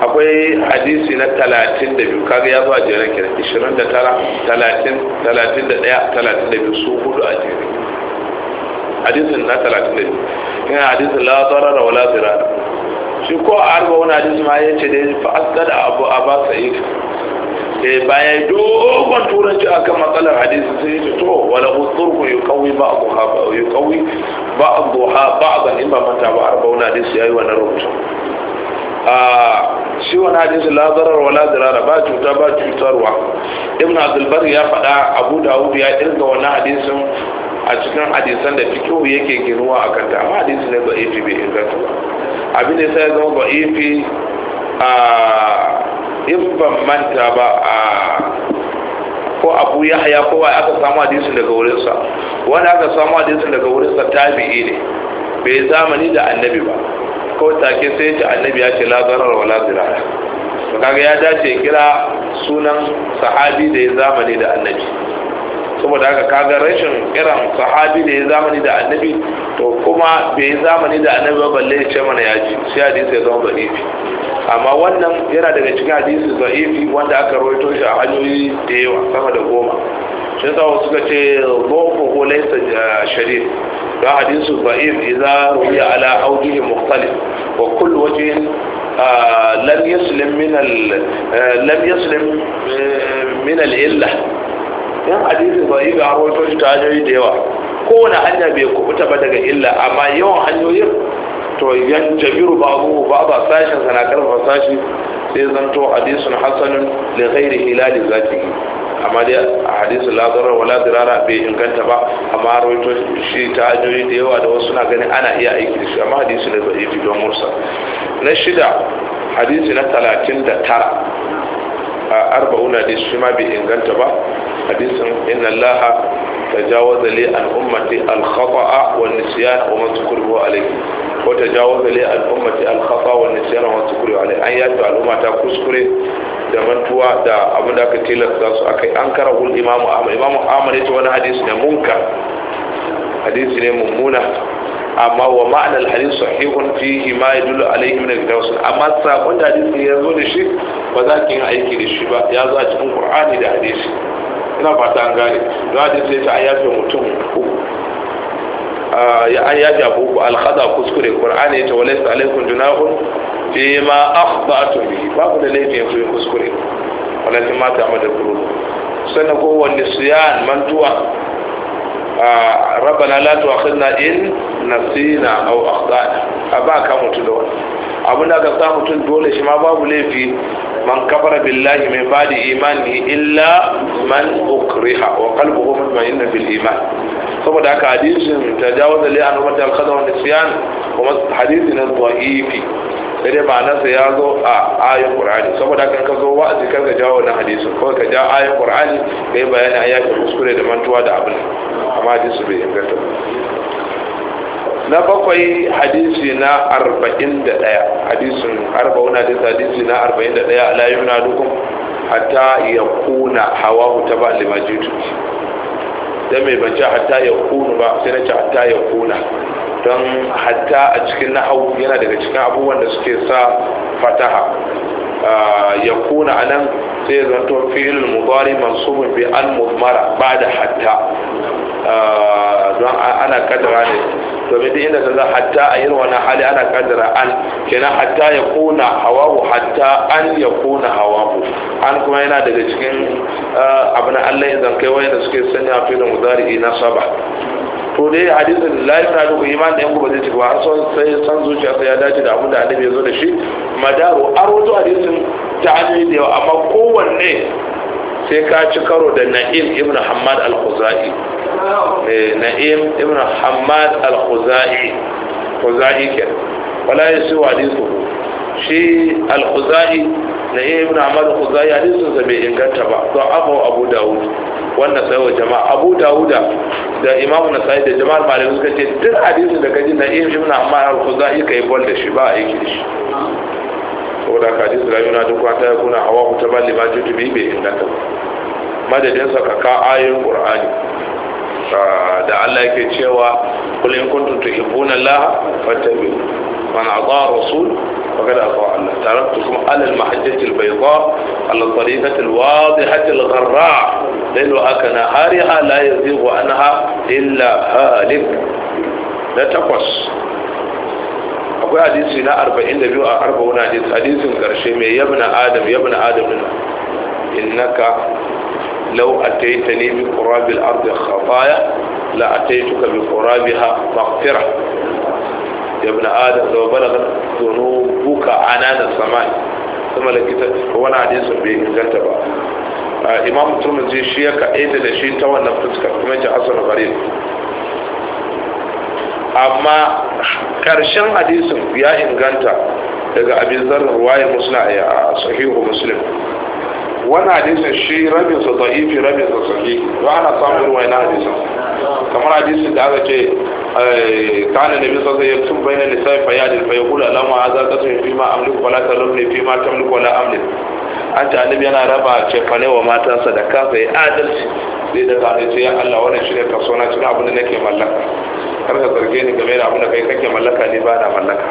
akwai hadisi na talatin da biyu kaga ya zo a jere kira ishirin da tara talatin talatin da ɗaya talatin da biyu su hudu a jere hadisin na talatin da biyu yana hadisin la zarara wa la zirara shi ko a arba wani hadisi ma ya ce da ya fa da abu aba sa'id eh baya dogon turanci a kan matsalar hadisi sai ya to wala usurku yuqawi ba'dhu ha yuqawi ba'dhu ha a in ba manta ba arba wani hadisi yayi wannan rubutu a shi wani hadisi lazarar zarar wala zarara ba cuta ba cutarwa ibn abdul ya faɗa abu dawud ya kirga wani hadisin a cikin hadisan da fikihu yake ginuwa a kanta amma hadisi ne da'ifi bai inganta ba abin da sai zama da'ifi a in ban manta ba a ko abu haya ko wai aka samu hadisi daga wurinsa wani aka samu hadisi daga wurinsa tabi'i ne bai zamani da annabi ba ko take sai ta annabi ya ce la zarar wa la zirara kaga ya dace kira sunan sahabi da ya zamani da annabi saboda haka kaga rashin irin sahabi da ya zamani da annabi to kuma bai zamani da annabi ba balle ce mana ya ji sai hadisi ya zama da'ifi amma wannan yana daga cikin hadisi da'ifi wanda aka rawaito shi a hanyoyi da yawa sama da goma shi yasa wasu suka ce dhawfu ko laysa eh, sharif da hadisi da'if idza ruya ala awjihi mukhtalif wa kullu wajhin eh, lam yaslim min al eh, lam yaslim min al illah in hadisin zai ga rawaito shi ta hanyoyi da yawa kowane hanya bai kubuta ba daga illa amma yawan hanyoyin to yan jabiru ba abu ba ba sashen sana karfa sashi sai zanto hadisun hasanun li ghairi hilali zafi amma dai a hadisun lazarar wala dirara bai inganta ba amma rawaito shi ta hanyoyi da yawa da wasu na ganin ana iya aiki da shi amma hadisu da fi don mursa na shida hadisi na talatin da tara arba'un hadis shi ma bai inganta ba hadisin inna allaha tajawaza li an ummati al khata'a wa nisyan wa man tukrihu alayhi wa tajawaza li an ummati al khata'a wa nisyan wa man tukrihu alayhi an yato al ummata kuskure da mantuwa da abin da aka tilasta su akai an hul imamu ahmad imamu ahmad ya wani hadisi ne munka. hadisi ne mummuna amma wa ma'anar hadis sahihun fihi ma yadullu alayhi min al-kitab amma sabon da hadisi ya zo da shi ba za ki yi aiki da shi ba ya zo a cikin qur'ani da hadisi ina fata an gane don hadisi ya ce an yafe mutum uku ya an yafe abu uku alkhada kuskure qur'ani ya ce su alaikun junahun fi ma akhta'tum Ba babu da laifin ku kuskure walakin ma ta'amalu qulub sannan ko wani siyan mantuwa ربنا لا تؤاخذنا إن نسينا ka mutu da wani. abin da aka sa mutum dole shi ma babu laifi man kafara billahi min ba'di imani illa man ukriha wa qalbuhu mutmainna bil iman saboda haka hadisin tajawaza li an wata al-qadar wa kuma hadisi na dha'ifi sai dai ma'anarsa ya zo a ayin qur'ani saboda haka ka zo wa'azi kar ka jawo na hadisin kawai ka ja ayin qur'ani kai bayani a yakin kuskure da mantuwa da abin amma hadisi bai inganta na bakwai hadisi na arba'in da ɗaya hadisun arba'un hadisi hadisi na arba'in da ɗaya ala na dukkan hatta ya kuna hawa huta ba limajitu don mai bance hatta ya kuna ba sai na ce hatta ya kuna don hatta a cikin nahau yana daga cikin abubuwan da suke sa fataha ah, ya kuna a nan sai zanto filin mubari masu bi an mudmara ba da hatta ah, don ana kadara ne domin duk inda za hatta a yin wani hali ana kadara an kenan hatta ya kuna hawahu hatta an ya kuna hawahu an kuma yana daga cikin ah, abin allah kai wani da suke sanya filin mudari na saba to dai hadisin la na duk iman da yanku ba zai cika ba har sai san zuciya sai ya dace da abin da annabi ya zo da shi madaru a rawaito hadisin ta hanyoyi da yawa amma kowanne sai ka ci karo da na'im ibn hamad al-khuzai eh, na'im ibn hamad al-khuzai khuzai ke wala yasi hadisu shi al-khuzai na iya ibn amal khuzai hadisin sa bai inganta ba to abu abu daud wannan sai wa jama'a abu da'uda da imam nasai da jama'ar malamai suka ce duk hadisin da kaji na iya ibn amal khuzai kai bol da shi ba a yi shi saboda ka ji da yana duk wata kuna hawa ku ta balli ma ji tubi bai inganta ba madadin sa ka ka ayoyin qur'ani da Allah yake cewa kul in kuntum tuhibbuna Allah fattabi'u man ata rasul فقد أطاعنا تركتكم على المحجة البيضاء على الطريقة الواضحة الغراء لأن أكن هارها لا يزيغ عنها إلا هالك لا تقص أقول حديث هنا أربعين نبيو أربعون حديث حديث كرشيمي يا ابن آدم يا ابن آدم إنك لو أتيتني بقراب الأرض خطايا لأتيتك بقرابها مغفرة يا ابن آدم لو بلغت ذنوبك عنان السماء ثم لقيت وانا حديث بإنجلت بقى إمام ترمزي شيئا كأيد لشيء توا نفتك كما يجي حسن غريب أما كرشن حديث يا إنجلت daga abin zarar ruwayar musna a sahihu muslim wani hadisin shi rabin sa da'ifi rabin sa sahi ba ana samun ruwa na hadisin kamar hadisin da aka ce eh, kana nabi sallallahu alaihi wasallam bayna nisa'i fayadil fa yaqulu lama hadha qasmi fi ma amliku wala talumni fi ma tamliku wala amlik an ta annabi yana raba cefane wa matansa da kafa ya adalci zai daga da ce ya Allah wannan shi ne kasuwa na cikin abin da nake mallaka kar ka zarge ni game da abin da kai kake mallaka ni ba da mallaka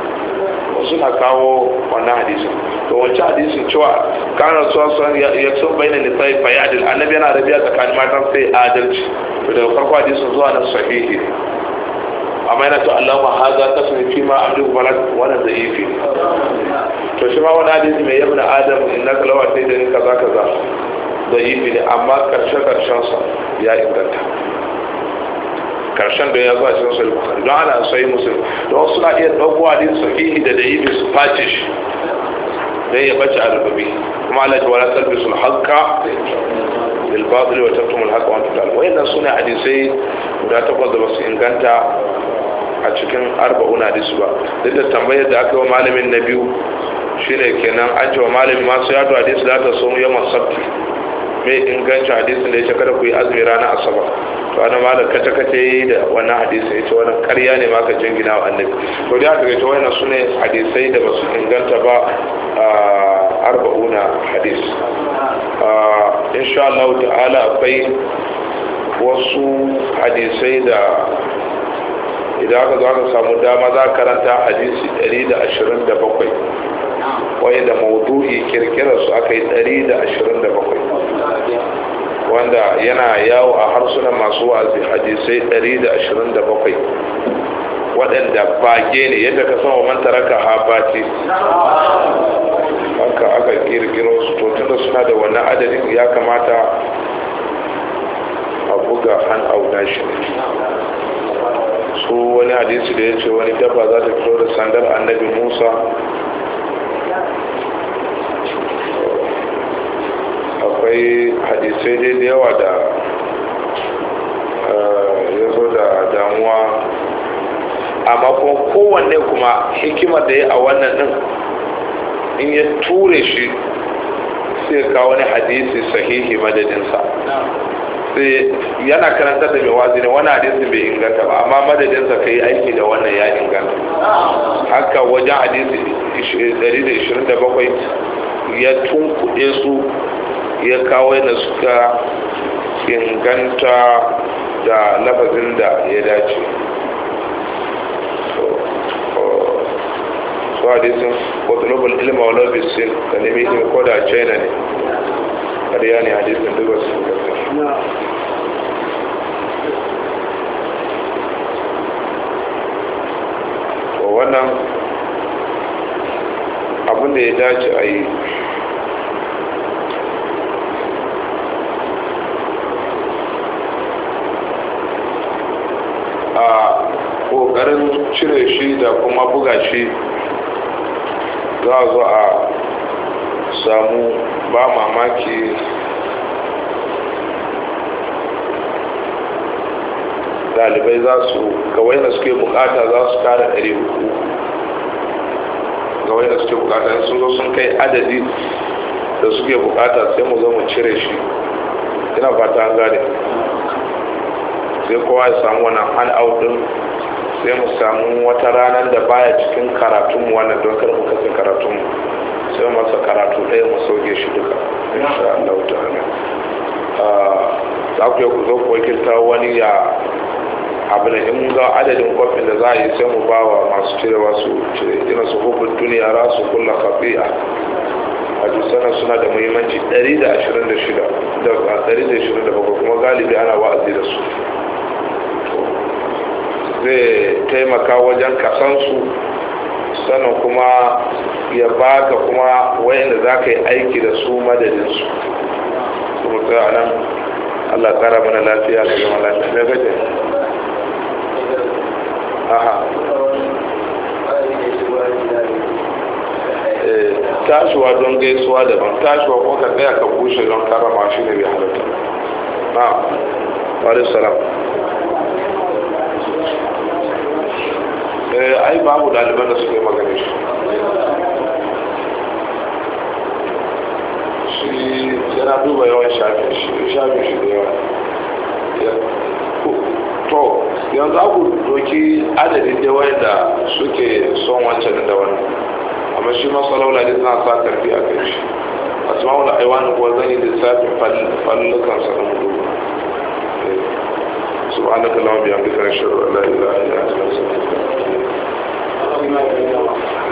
suna kawo wannan hadisin to wance hadisin cewa kana so ya sun bayyana sai fa yadil annabi yana rabiya tsakanin matan sai adalci to daga farko hadisin zuwa nan sahihi amma yana to Allah ma haza kasani fi ma abdu balad wannan zaifi to shi ma wani hadisi mai yabna adam inna kalawa sai da kaza kaza da ibi ne amma karshe sa ya inganta karshen da ya zuwa cikin sahih bukhari don ana sahih muslim don wasu na iya ɗauko hadisi sahihi da da ibi su face shi dan ya bace a rubabi kuma Allah ta wala talbisul haqqa bil batil wa taktumul haqqa wa antum ta'lamun wayannan sune hadisai guda takwas da basu inganta a cikin arba'un hadisi ba duk da tambayar da aka yi wa malamin na biyu shine kenan an ce wa malamin masu yado hadisi da ta so yamma sabti mai ingancin hadisin da ya ce kada ku yi azumi ranar asabar to ana malam kace kace yi da wannan hadisi ya ce wannan karya ne ma ka jingina wa annabi to da haka gaita wannan sune hadisai da basu inganta ba arba'una hadis insha Allah ta'ala akwai wasu hadisai da idan aka zo aka samu dama za karanta hadisi 127 wai da maudu'i kirkirar su aka yi 127 wanda yana yawo a harsunan masu wa'azi hadisai 127 waɗanda bage ne yadda ka sama man taraka habati haka aka kirkiro su to tunda suna da wannan adadin ya kamata a buga an auna shi su wani hadisi da ya ce wani dafa za ta fito da sandar annabi musa akwai hadisai dai da yawa da eh, ya zo da damuwa amma kuma kowanne kuma hikimar da ya a wannan din in ya ture shi sai kawo wani hadisi sahihi madadinsa sai yana karanta da mai wazi ne wani hadisi bai inganta ba amma madadinsa ka yi aiki da wannan ya inganta haka wajen hadisi 127 ya tunkuɗe su ya kawo yana suka inganta da lafazin da ya dace su hadisun kotulubul ilma walau bisin da nemi ilmi ko da china ne ƙarya ne hadisun duk wasu gasar wannan abin da ya dace a yi kokarin cire shi da kuma buga shi za a zo a samu ba mamaki dalibai za su kawai da suke bukata za su kara 300 kawai da suke bukata sun zo sun kai adadi da suke bukata sai mu zo mu cire shi ina fata an gane sai kowa ya samu wani hand out din sai mu samu wata ranar da baya cikin karatunmu wannan don kar mu kasa karatunmu sai masa karatu ɗaya mu sauke shi duka insha Allah ta'ala ah, za ku ku zo ku wakilta wani ya abu da in ga adadin kofin da za a yi sai mu ba wa masu cirewa su cire ina su hukun duniya ra su kulla kafiya hadisanan suna da muhimmanci 126 da 127 kuma galibi ana wa'azi da su zai taimaka wajen kasansu sannan kuma ya baka kuma wayanda za ka yi aiki da su madadinsu su mutu a nan allah kara mana lafiya da zama lafiya mai gaje aha eh, tashiwa don gaisuwa daban tashiwa ko ka tsaya ka bushe don karama shi ne bi halatta na wa salam Eh, ai babu ɗaliban da suka yi magana shi shi yana duba yawan shafin shi shafin shi da yawa to yanzu aku doki adadin da da suke son wancan da wani amma shi masalaula ne zan sa karfi a kai shi a asma'ul aiwani kuwa zan yi lissafin fallukan sa na mutu سبحانك اللهم وبحمدك اشهد ان لا اله الا انت استغفرك ìmọ̀ ìrìnà